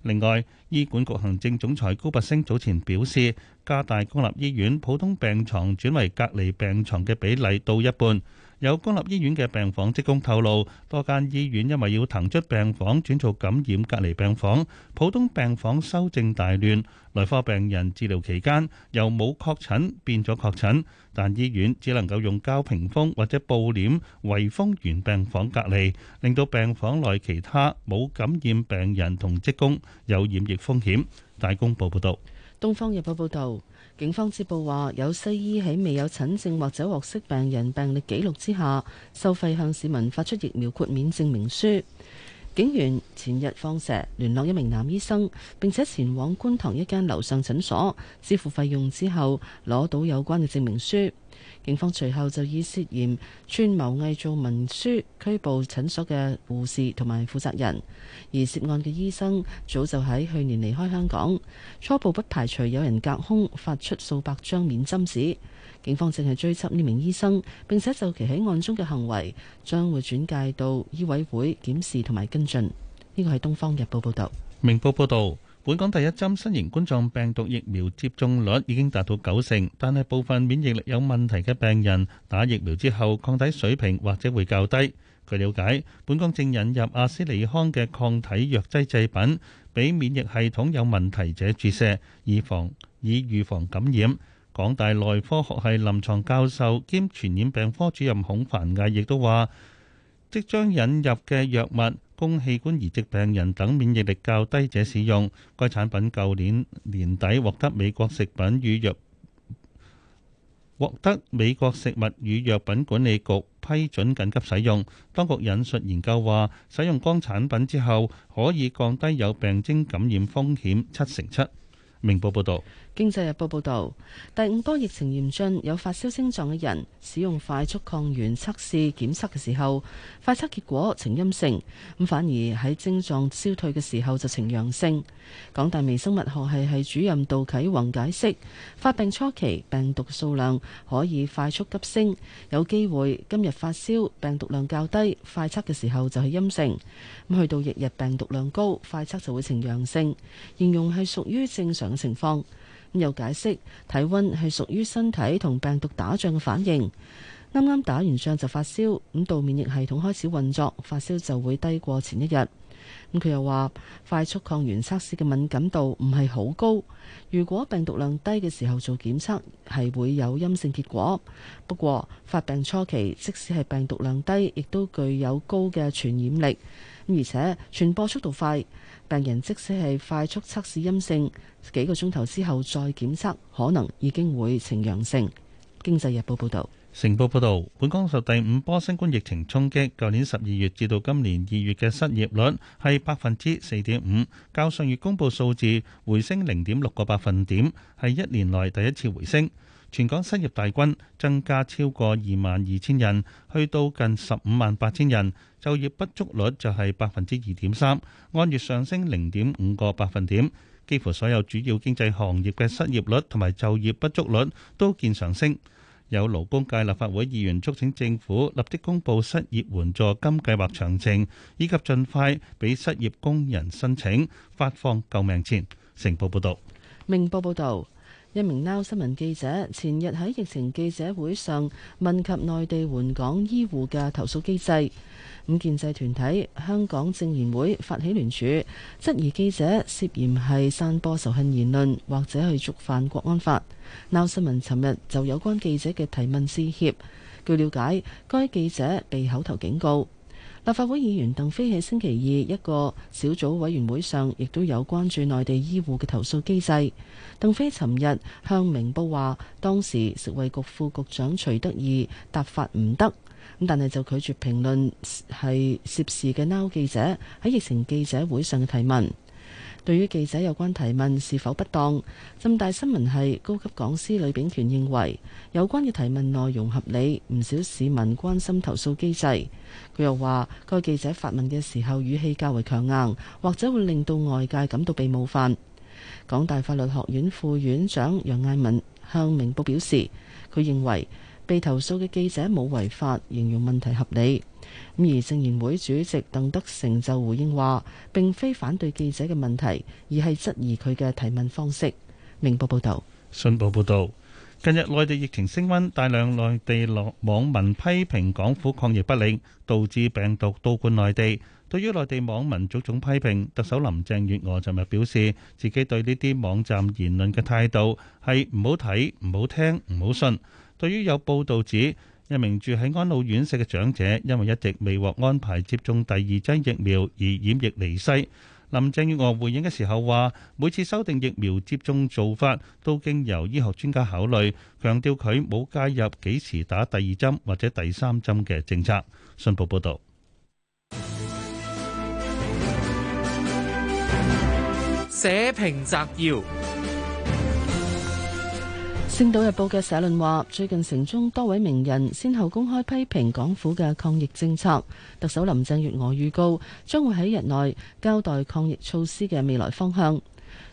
另外，醫管局行政總裁高拔昇早前表示，加大公立醫院普通病床轉為隔離病床嘅比例到一半。有公立醫院嘅病房職工透露，多間醫院因為要騰出病房轉做感染隔離病房，普通病房收症大亂。內科病人治療期間由冇確診變咗確診，但醫院只能夠用膠屏風或者布簾圍封原病房隔離，令到病房內其他冇感染病人同職工有染疫風險。大公報報道。《東方日報》報導。警方接報，話有西醫喺未有診症或者獲悉病人病歷記錄之下，收費向市民發出疫苗豁免證明書。警員前日放蛇聯絡一名男醫生，並且前往觀塘一間樓上診所支付費用之後，攞到有關嘅證明書。警方隨後就以涉嫌串謀偽造文書拘捕診所嘅護士同埋負責人，而涉案嘅醫生早就喺去年離開香港。初步不排除有人隔空發出數百張免針紙。警方正係追緝呢名醫生，並且就其喺案中嘅行為，將會轉介到醫委會檢視同埋跟進。呢個係《東方日報》報道，《明報》報道。本港第一針新型冠狀病毒疫苗接種率已經達到九成，但係部分免疫力有問題嘅病人打疫苗之後，抗體水平或者會較低。據瞭解，本港正引入阿斯利康嘅抗體藥劑製品，俾免疫系統有問題者注射，以防以預防感染。港大內科學系臨牀教授兼傳染病科主任孔凡毅亦都話，即將引入嘅藥物，供器官移植病人等免疫力較低者使用。該產品舊年年底獲得美國食品與藥獲得美國食物與藥品管理局批准緊急使用。當局引述研究話，使用光產品之後可以降低有病徵感染風險七成七。明報報道。經濟日報報導，第五波疫情嚴峻，有發燒症狀嘅人使用快速抗原測試檢測嘅時候，快測結果呈陰性，咁反而喺症狀消退嘅時候就呈陽性。港大微生物學系系主任杜啟宏解釋，發病初期病毒數量可以快速急升，有機會今日發燒病毒量較低，快測嘅時候就係陰性，咁去到翌日病毒量高，快測就會呈陽性，形容係屬於正常嘅情況。又解釋體温係屬於身體同病毒打仗嘅反應，啱啱打完仗就發燒，咁到免疫系統開始運作，發燒就會低過前一日。咁佢又話，快速抗原測試嘅敏感度唔係好高，如果病毒量低嘅時候做檢測，係會有陰性結果。不過發病初期，即使係病毒量低，亦都具有高嘅傳染力，而且傳播速度快，病人即使係快速測試陰性，幾個鐘頭之後再檢測，可能已經會呈陽性。經濟日報報道：成報報道，本港受第五波新冠疫情衝擊，舊年十二月至到今年二月嘅失業率係百分之四點五，較上月公佈數字回升零點六個百分點，係一年來第一次回升。全港失業大軍增加超過二萬二千人，去到近十五萬八千人，就業不足率就係百分之二點三，按月上升零點五個百分點。幾乎所有主要經濟行業嘅失業率同埋就業不足率都見上升，有勞工界立法會議員促請政府立即公布失業援助金計劃詳情，以及盡快俾失業工人申請發放救命錢。成報報道，明報報道。一名 Now 新聞記者前日喺疫情記者會上問及內地援港醫護嘅投訴機制，五建制團體香港政研會發起聯署，質疑記者涉嫌係散播仇恨言論或者係觸犯國安法。Now 新聞尋日就有關記者嘅提問致歉。據了解，該記者被口頭警告。立法會議員鄧飛喺星期二一個小組委員會上，亦都有關注內地醫護嘅投訴機制。鄧飛尋日向明報話，當時食衞局副局長徐德義答法唔得，咁但係就拒絕評論係涉事嘅 Now 記者喺疫情記者會上嘅提問。對於記者有關提問是否不當，浸大新聞系高級講師呂秉權認為有關嘅提問內容合理，唔少市民關心投訴機制。佢又話，該記者發問嘅時候語氣較為強硬，或者會令到外界感到被冒犯。港大法律學院副院長楊艾文向明報表示，佢認為被投訴嘅記者冇違法，形容問題合理。而政研會主席鄧德成就回應話，並非反對記者嘅問題，而係質疑佢嘅提問方式。明報報道，信報報道，近日內地疫情升溫，大量內地網網民批評港府抗疫不力，導致病毒倒灌內地。對於內地網民種種批評，特首林鄭月娥尋日表示，自己對呢啲網站言論嘅態度係唔好睇、唔好聽、唔好信。對於有報道指，一名住喺安老院舍嘅長者，因為一直未獲安排接種第二劑疫苗而染疫離世。林鄭月娥回應嘅時候話，每次修訂疫苗接種做法都經由醫學專家考慮，強調佢冇介入幾時打第二針或者第三針嘅政策。信報報道。社評摘要。《星島日報》嘅社論話，最近城中多位名人先後公開批評港府嘅抗疫政策，特首林鄭月娥預告將會喺日內交代抗疫措施嘅未來方向。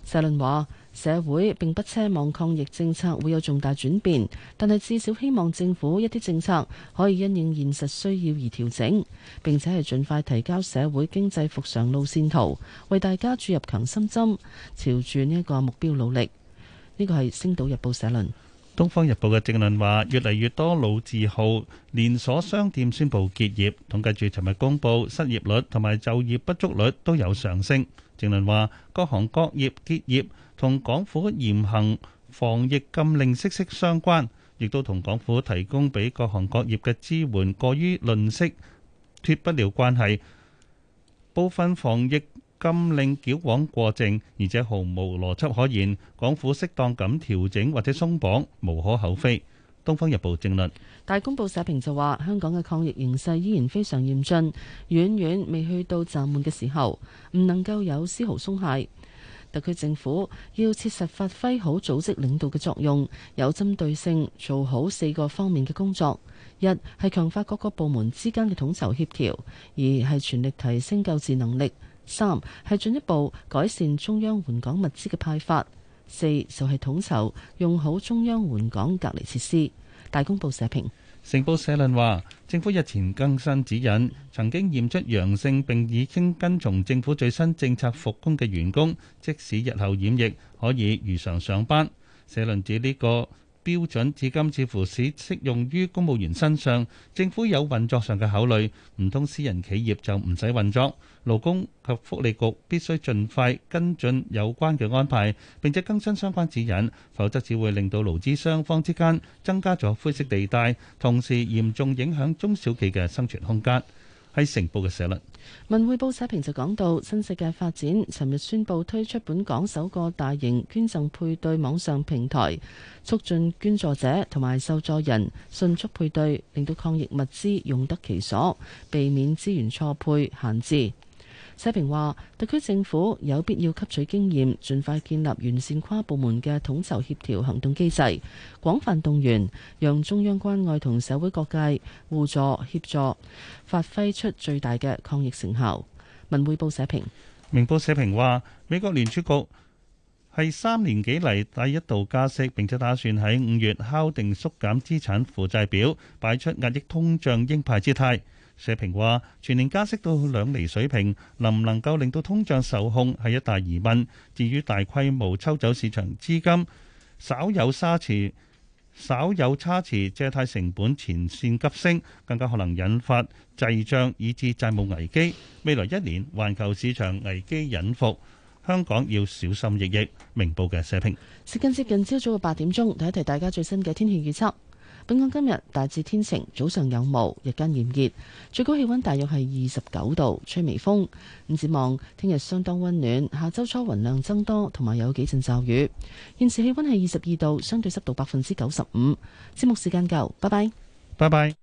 社論話，社會並不奢望抗疫政策會有重大轉變，但係至少希望政府一啲政策可以因應現實需要而調整，並且係盡快提交社會經濟復常路線圖，為大家注入強心針，朝住呢一個目標努力。呢個係《星島日報》社論，《東方日報》嘅正論話，越嚟越多老字號連鎖商店宣布結業。統計住，尋日公佈失業率同埋就業不足率都有上升。正論話，各行各業結業同港府嚴行防疫禁令息息相關，亦都同港府提供俾各行各業嘅支援過於吝惜脫不了關係。部分防疫禁令矯枉過正，而且毫無邏輯可言。港府適當咁調整或者鬆綁，無可厚非。《東方日報》政論，大公報社評就話香港嘅抗疫形勢依然非常嚴峻，遠遠未去到暫緩嘅時候，唔能夠有絲毫鬆懈。特區政府要切實發揮好組織領導嘅作用，有針對性做好四個方面嘅工作：一係強化各個部門之間嘅統籌協調，二係全力提升救治能力。三係進一步改善中央援港物資嘅派發，四就係統籌用好中央援港隔離設施。大公報社評。成報社論話，政府日前更新指引，曾經驗出陽性並已經跟從政府最新政策復工嘅員工，即使日後染疫，可以如常上班。社論指呢、這個標準至今似乎只適用於公務員身上，政府有運作上嘅考慮，唔通私人企業就唔使運作。勞工及福利局必須盡快跟進有關嘅安排，並且更新相關指引，否則只會令到勞資雙方之間增加咗灰色地帶，同時嚴重影響中小企嘅生存空間。喺成報嘅社論，文匯報社評就講到新世界發展尋日宣布推出本港首個大型捐贈配對網上平台，促進捐助者同埋受助人迅速配對，令到抗疫物資用得其所，避免資源錯配閒置。限制社評話：特區政府有必要吸取經驗，盡快建立完善跨部門嘅統籌協調行動機制，廣泛動員，讓中央關愛同社會各界互助協助，發揮出最大嘅抗疫成效。文匯報社評。明報社評話：美國聯儲局係三年幾嚟第一度加息，並且打算喺五月敲定縮減資產負債表，擺出壓抑通脹鷹派姿態。社評話：全年加息到兩厘水平，能唔能夠令到通脹受控係一大疑問。至於大規模抽走市場資金，稍有差池，稍有差池，借貸成本前綫急升，更加可能引發滯脹，以至債務危機。未來一年環球市場危機隱伏，香港要小心翼翼。明報嘅社評。時間接近朝早嘅八點鐘，睇一睇大家最新嘅天氣預測。本港今日大致天晴，早上有霧，日間炎熱，最高氣溫大約係二十九度，吹微風。唔展望，聽日相當溫暖，下周初雲量增多，同埋有幾陣驟雨。現時氣溫係二十二度，相對濕度百分之九十五。節目時間夠，拜拜，拜拜。